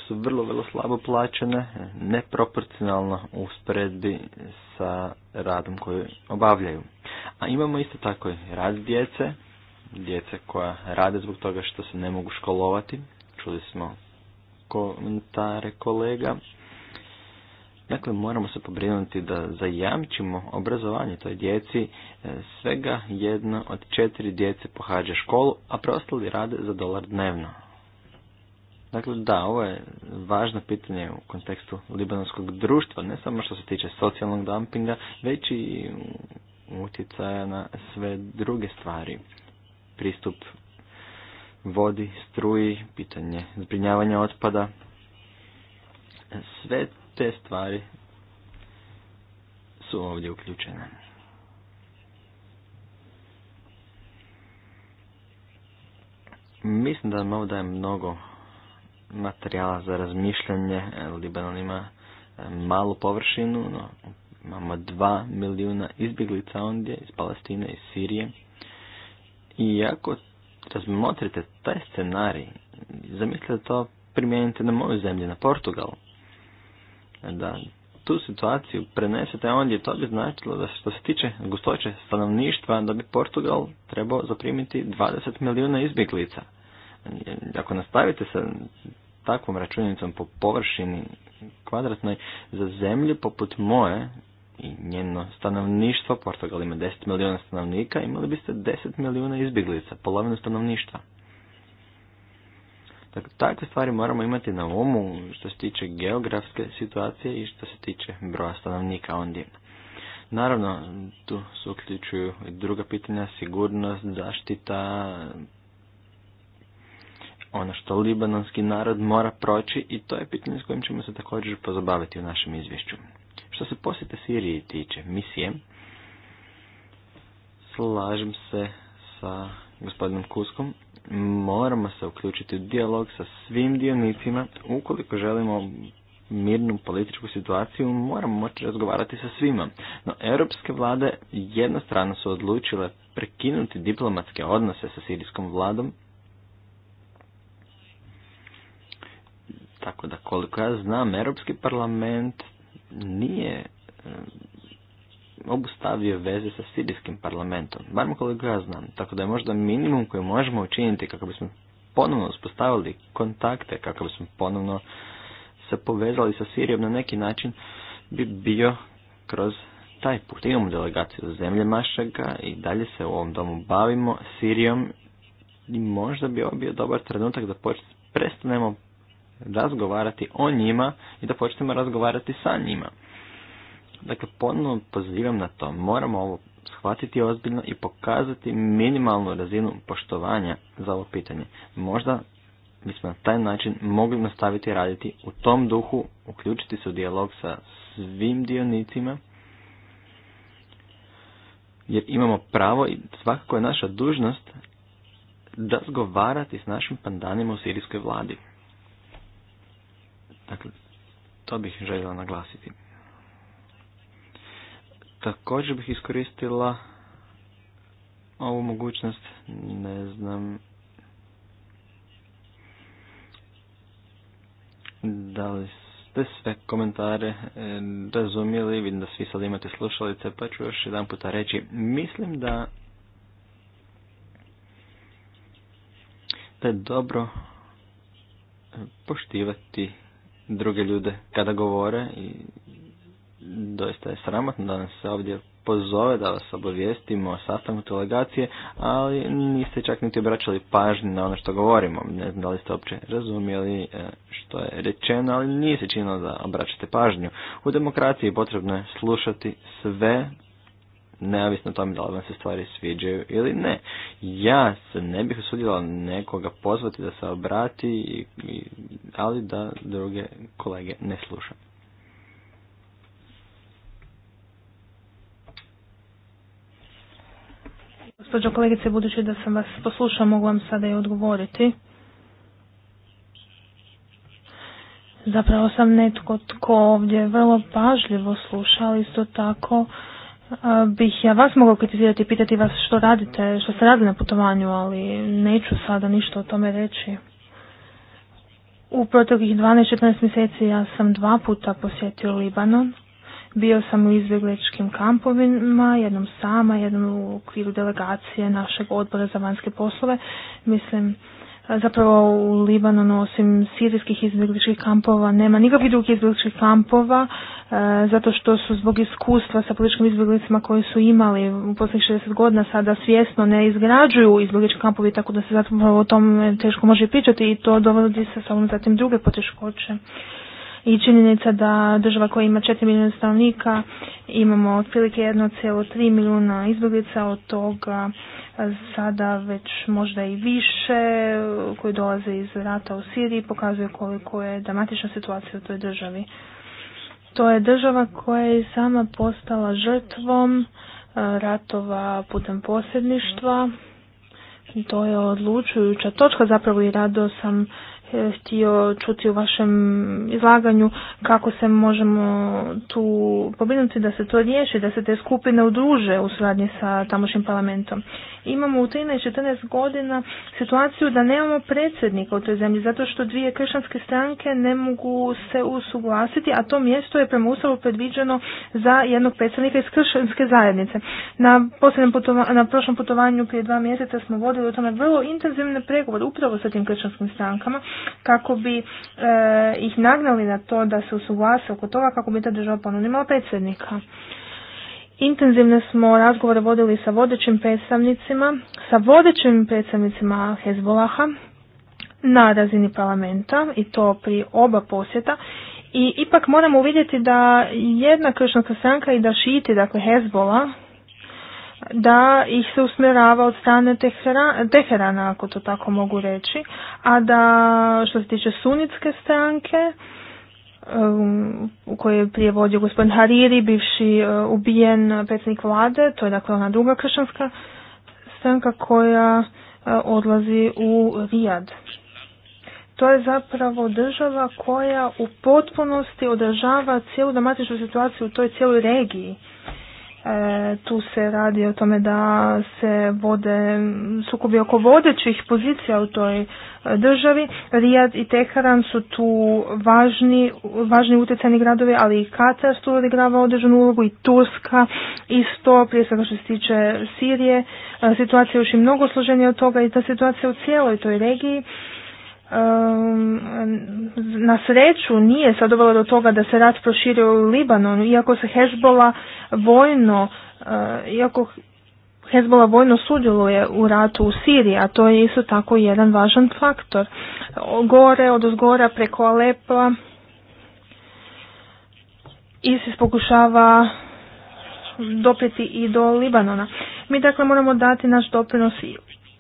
su vrlo, vrlo slabo plaćene, neproporcionalno u spredbi sa radom koju obavljaju. A imamo isto tako i rad djece, djece koja rade zbog toga što se ne mogu školovati. Čuli smo komentare kolega. Dakle, moramo se pobrinuti da zajamčimo obrazovanje toj djeci. E, svega jedna od četiri djece pohađa školu, a preostali rade za dolar dnevno. Dakle, da, ovo je važno pitanje u kontekstu libanonskog društva, ne samo što se tiče socijalnog dumpinga, već i utjecaja na sve druge stvari pristup vodi, struji, pitanje zbrinjavanja otpada. Sve te stvari su ovdje uključene. Mislim da vam ovdje mnogo materijala za razmišljanje. Libanon ima e, malu površinu, no imamo dva milijuna izbjeglica ondje iz Palestine, i Sirije. I ako razmotrite taj scenarij, zamislite to primijenite na moju zemlju, na Portugal. Da tu situaciju prenesete ondje, to bi značilo da što se tiče gustoće stanovništva, da bi Portugal trebao zaprimiti 20 milijuna izbjeglica. Ako nastavite sa takvom računicom po površini kvadratnoj za zemlju poput moje, i njeno stanovništvo, Portugal ima 10 milijuna stanovnika, imali biste 10 milijuna izbjeglica, polovinu stanovništva. Dakle, takve stvari moramo imati na umu što se tiče geografske situacije i što se tiče broja stanovnika ondje. Naravno, tu se uključuju i druga pitanja, sigurnost, zaštita, ono što libanonski narod mora proći i to je pitanje s kojim ćemo se također pozabaviti u našem izvješću. Što se posjete Siriji tiče misije, slažem se sa gospodinom Kuskom. Moramo se uključiti u dijalog sa svim dionicima. Ukoliko želimo mirnu političku situaciju, moramo moći razgovarati sa svima. No, europske vlade jednostrano su odlučile prekinuti diplomatske odnose sa sirijskom vladom. Tako da, koliko ja znam, Europski parlament nije obustavio veze sa sirijskim parlamentom, barem koliko ja znam, tako da je možda minimum koji možemo učiniti kako bismo ponovno uspostavili kontakte, kako bismo ponovno se povezali sa Sirijom na neki način, bi bio kroz taj put. Imamo delegaciju za zemlje Mašega i dalje se u ovom domu bavimo Sirijom i možda bi ovo bio dobar trenutak da prestanemo razgovarati o njima i da počnemo razgovarati sa njima. Dakle, ponovno pozivam na to. Moramo ovo shvatiti ozbiljno i pokazati minimalnu razinu poštovanja za ovo pitanje. Možda bismo na taj način mogli nastaviti raditi u tom duhu, uključiti se u dijalog sa svim dionicima, jer imamo pravo i svakako je naša dužnost razgovarati s našim pandanima u sirijskoj vladi. Dakle, to bih željela naglasiti. Također bih iskoristila ovu mogućnost, ne znam da li ste sve komentare e, razumjeli, vidim da svi sad imate slušalice, pa ću još jedan puta reći, mislim da da je dobro e, poštivati druge ljude kada govore i doista je sramotno da nas se ovdje pozove da vas obavijestimo o sastanku delegacije, ali niste čak niti obraćali pažnju na ono što govorimo. Ne znam da li ste uopće razumjeli e, što je rečeno, ali nije se činilo da obraćate pažnju. U demokraciji potrebno je slušati sve neovisno o tome da li vam se stvari sviđaju ili ne. Ja se ne bih usudila nekoga pozvati da se obrati, ali da druge kolege ne slušam. Gospođo kolegice, budući da sam vas poslušao, mogu vam sada i odgovoriti. Zapravo sam netko tko ovdje vrlo pažljivo slušao isto tako bih ja vas mogao kritizirati i pitati vas što radite, što ste radili na putovanju, ali neću sada ništa o tome reći. U proteklih 12-14 mjeseci ja sam dva puta posjetio Libanon. Bio sam u izbjegličkim kampovima, jednom sama, jednom u okviru delegacije našeg odbora za vanjske poslove. Mislim zapravo u Libanonu osim sirijskih izbjegličkih kampova nema nikakvih drugih izbjegličkih kampova e, zato što su zbog iskustva sa političkim izbjeglicima koji su imali u posljednjih 60 godina sada svjesno ne izgrađuju izbjeglički kampovi tako da se zapravo o tom teško može pričati i to dovodi sa sobom zatim druge poteškoće. I činjenica da država koja ima 4 milijuna stanovnika imamo otprilike 1,3 milijuna izbjeglica od toga sada već možda i više koji dolaze iz rata u Siriji pokazuje koliko je dramatična situacija u toj državi. To je država koja je sama postala žrtvom e, ratova putem posjedništva. To je odlučujuća točka, zapravo i rado sam htio čuti u vašem izlaganju kako se možemo tu pobrinuti da se to riješi, da se te skupine udruže u suradnji sa tamošnjim parlamentom. Imamo u 13-14 godina situaciju da nemamo predsjednika u toj zemlji zato što dvije kršćanske stranke ne mogu se usuglasiti, a to mjesto je prema ustavu predviđeno za jednog predsjednika iz kršćanske zajednice. Na, putova, na prošlom putovanju prije dva mjeseca smo vodili o tome vrlo intenzivne pregovore upravo sa tim kršćanskim strankama kako bi e, ih nagnali na to da se usuglase oko toga kako bi ta država ponovno predsjednika. Intenzivne smo razgovore vodili sa vodećim predstavnicima, sa vodećim predstavnicima Hezbolaha na razini parlamenta i to pri oba posjeta i ipak moramo vidjeti da jedna kršnjaka stranka i da šiti, dakle Hezbola, da ih se usmjerava od strane Teherana, ako to tako mogu reći, a da što se tiče sunitske stranke, um, u kojoj je prije vodio gospodin Hariri, bivši uh, ubijen predsjednik vlade, to je dakle ona druga kršćanska stranka koja uh, odlazi u Rijad. To je zapravo država koja u potpunosti održava cijelu dramatičnu situaciju u toj cijeloj regiji E, tu se radi o tome da se vode sukobi oko vodećih pozicija u toj e, državi. Rijad i Teheran su tu važni, važni utjecajni gradovi, ali i Katar tu odigrava određenu ulogu i Turska isto, prije svega što se tiče Sirije. E, situacija je još i mnogo složenija od toga i ta situacija u cijeloj toj regiji na sreću nije sad dovelo do toga da se rat proširio u Libanon iako se Hezbola vojno, eh, iako Hezbola vojno sudjeluje u ratu u Siriji, a to je isto tako jedan važan faktor. Gore, od uzgora, preko Alepa, ISIS pokušava dopeti i do Libanona. Mi dakle moramo dati naš doprinos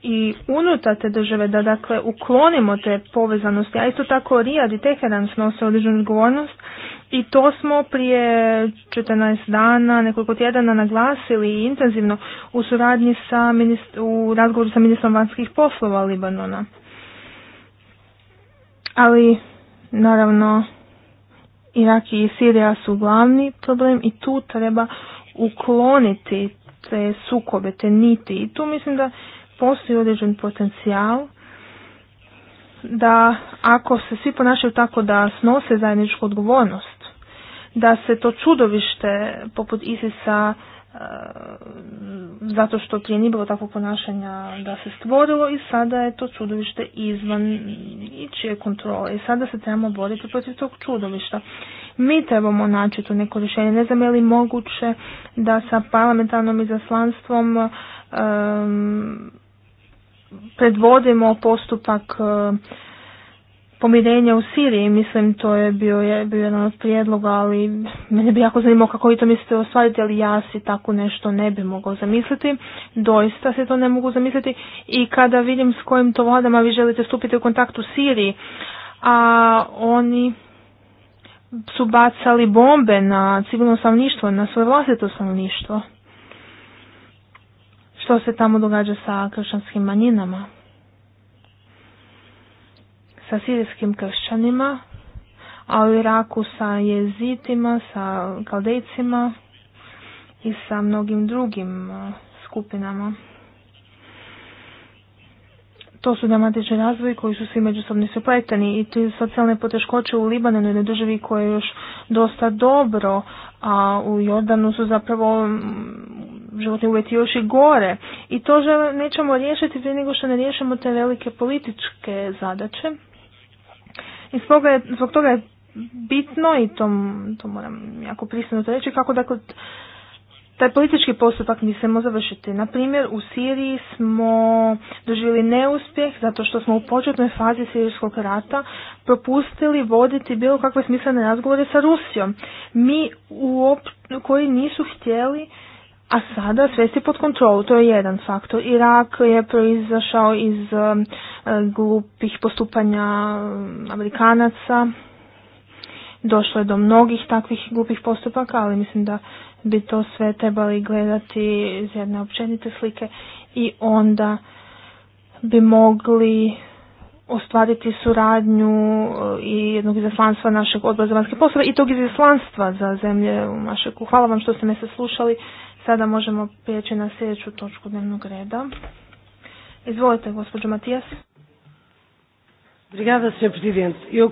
i unutar te države da dakle uklonimo te povezanosti, a isto tako Rijad i Teheran snose određenu odgovornost i to smo prije 14 dana, nekoliko tjedana naglasili intenzivno u suradnji sa u razgovoru sa ministrom vanjskih poslova Libanona. Ali naravno Irak i Sirija su glavni problem i tu treba ukloniti te sukobe, te niti. I tu mislim da postoji određen potencijal da ako se svi ponašaju tako da snose zajedničku odgovornost, da se to čudovište poput Isisa e, zato što prije nije bilo takvog ponašanja da se stvorilo i sada je to čudovište izvan ičije kontrole i sada se trebamo boriti protiv tog čudovišta. Mi trebamo naći tu neko rješenje. Ne znam je li moguće da sa parlamentarnom izaslanstvom predvodimo postupak e, pomirenja u Siriji. Mislim, to je bio, je bio jedan od prijedloga, ali mene bi jako zanimao kako vi to mislite ostvariti, ali ja si tako nešto ne bi mogao zamisliti. Doista se to ne mogu zamisliti. I kada vidim s kojim to vladama vi želite stupiti u kontakt u Siriji, a oni su bacali bombe na civilno stanovništvo, na svoje vlastito stanovništvo što se tamo događa sa kršćanskim manjinama, sa sirijskim kršćanima, a u Iraku sa jezitima, sa kaldejcima i sa mnogim drugim skupinama. To su dramatični razvoj koji su svi međusobno supleteni i te socijalne poteškoće u Libanenu jednoj državi koja je još dosta dobro, a u Jordanu su zapravo životni uvjeti još i gore. I to žele, nećemo riješiti prije nego što ne riješimo te velike političke zadaće. I zbog, je, zbog toga je bitno i to, to moram jako pristojno reći kako dakle taj politički postupak mislimo završiti. Na primjer, u Siriji smo doživjeli neuspjeh zato što smo u početnoj fazi sirijskog rata propustili voditi bilo kakve smislene razgovore sa Rusijom. Mi op koji nisu htjeli a sada svesti pod kontrolu. To je jedan faktor. Irak je proizašao iz um, glupih postupanja um, Amerikanaca. Došlo je do mnogih takvih glupih postupaka, ali mislim da bi to sve trebali gledati iz jedne općenite slike i onda bi mogli ostvariti suradnju uh, i jednog izaslanstva našeg odbora za vanjske poslove i tog izaslanstva za zemlje u Mašeku. Hvala vam što ste me saslušali. Sada možemo prijeći na sljedeću točku dnevnog reda. Izvolite, gospođo Matijas. Brigada se prezident. Eu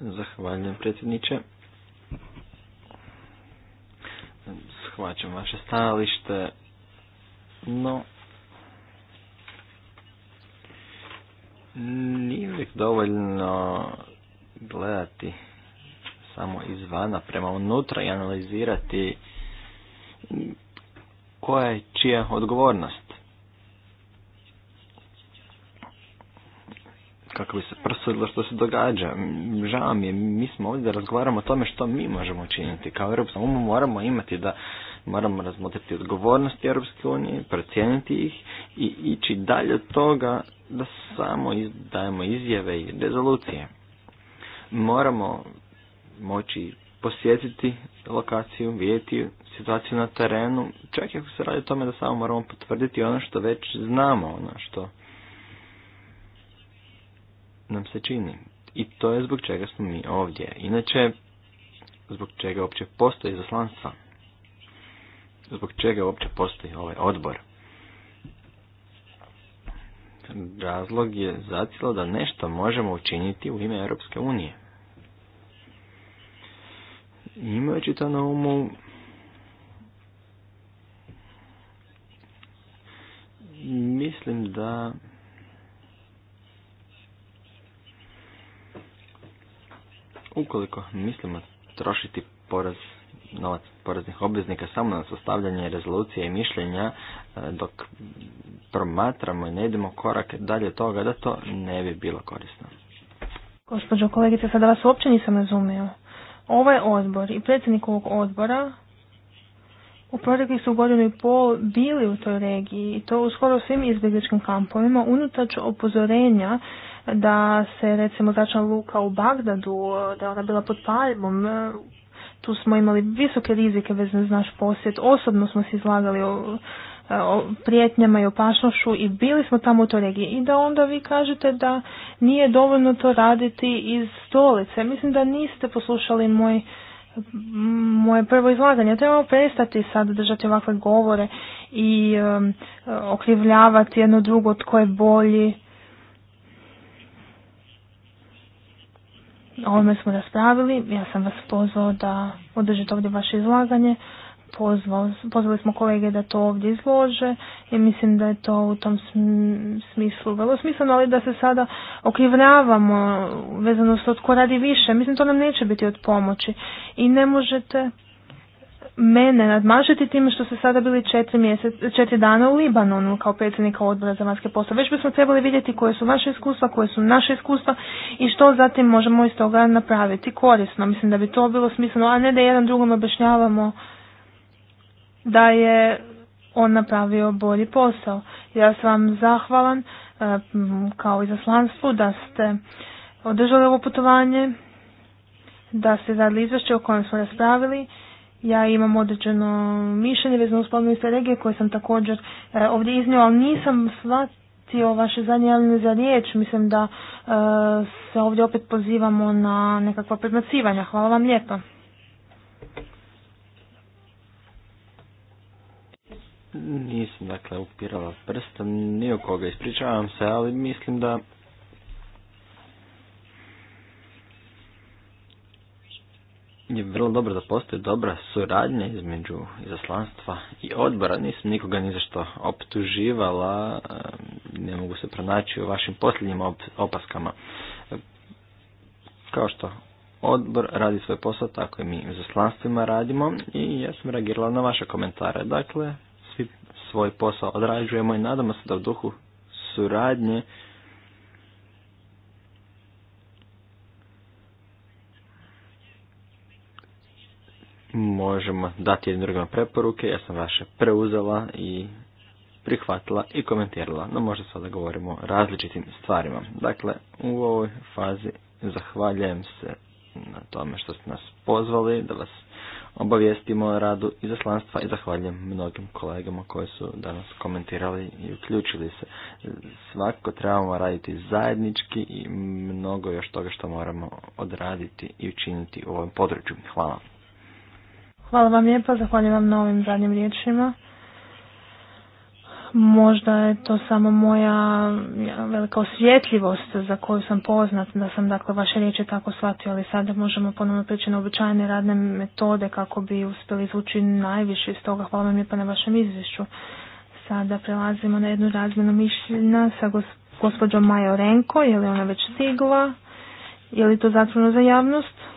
Zahvaljujem, predsjedniče. Shvaćam vaše stajalište, no nije uvijek dovoljno gledati samo izvana prema unutra i analizirati koja je čija odgovornost. Kako bi se prosudilo što se događa. Žao mi je, mi smo ovdje da razgovaramo o tome što mi možemo učiniti. Kao Europska unija moramo imati da moramo razmotriti odgovornosti Europske unije, procijeniti ih i ići dalje od toga da samo dajemo izjave i rezolucije. Moramo moći posjetiti lokaciju, vidjeti situaciju na terenu, čak i ako se radi o tome da samo moramo potvrditi ono što već znamo, ono što nam se čini. I to je zbog čega smo mi ovdje. Inače, zbog čega uopće postoji zaslanstva. Zbog čega uopće postoji ovaj odbor. Razlog je zacilo da nešto možemo učiniti u ime Europske unije. Imajući to na umu, da ukoliko mislimo trošiti poraz novac poreznih obveznika samo na sastavljanje rezolucije i mišljenja e, dok promatramo i ne idemo korak dalje toga da to ne bi bilo korisno. Gospođo kolegice, sada vas uopće nisam razumio. Ovaj odbor i predsjednik ovog odbora u proteklih su godinu i pol bili u toj regiji i to u skoro svim izbjegličkim kampovima unutač opozorenja da se recimo zračna luka u Bagdadu, da ona bila pod paljbom, e, tu smo imali visoke rizike vezane za naš posjet, osobno smo se izlagali o, e, prijetnjama i opašnošu i bili smo tamo u toj regiji i da onda vi kažete da nije dovoljno to raditi iz stolice. Mislim da niste poslušali moj moje prvo izlaganje. Trebamo prestati sad držati ovakve govore i um, okrivljavati jedno drugo tko je bolji. Ovo smo raspravili. Ja sam vas pozvao da održite ovdje vaše izlaganje, Pozvali, pozvali smo kolege da to ovdje izlože i mislim da je to u tom smislu vrlo smisleno, ali da se sada okrivnavamo vezano s tko radi više. Mislim to nam neće biti od pomoći i ne možete mene nadmašiti time što ste sada bili četiri, mjesec, četiri dana u Libanonu kao predsjednika odbora za vanjske poslove. Već bismo trebali vidjeti koje su vaše iskustva, koje su naše iskustva i što zatim možemo iz toga napraviti korisno. Mislim da bi to bilo smisleno, a ne da jedan drugom objašnjavamo da je on napravio bolji posao. Ja sam vam zahvalan e, kao i zaslanstvu da ste održali ovo putovanje, da ste zadali izvješće o kojem smo raspravili. Ja imam određeno mišljenje vezano uz planu regije koje sam također e, ovdje iznio, ali nisam shvatio vaše zadnje javljene za riječ. Mislim da e, se ovdje opet pozivamo na nekakva predmacivanja. Hvala vam lijepa. Nisam dakle upirala prstom ni u koga, ispričavam se, ali mislim da je vrlo dobro da postoji dobra suradnja između izaslanstva i odbora. Nisam nikoga ni za što optuživala, e, ne mogu se pronaći u vašim posljednjim opaskama. Kao što odbor radi svoj posao, tako i mi izaslanstvima radimo i ja sam reagirala na vaše komentare. Dakle, svoj posao odrađujemo i nadamo se da u duhu suradnje možemo dati jednim drugima preporuke. Ja sam vaše preuzela i prihvatila i komentirala. No možda sada govorimo o različitim stvarima. Dakle, u ovoj fazi zahvaljujem se na tome što ste nas pozvali, da vas obavijestimo o radu izaslanstva i zahvaljujem mnogim kolegama koji su danas komentirali i uključili se. Svako trebamo raditi zajednički i mnogo još toga što moramo odraditi i učiniti u ovom području. Hvala. Hvala vam lijepa, zahvaljujem vam na ovim zadnjim riječima. Možda je to samo moja velika osvjetljivost za koju sam poznat, da sam dakle vaše riječi tako shvatio, ali sada možemo ponovno prići na običajne radne metode kako bi uspjeli izvući najviše iz toga. Hvala vam lijepa na vašem izvješću. Sada prelazimo na jednu razmjenu mišljenja sa gospođom Majorenko, je li ona već stigla, je li to zatvorno za javnost?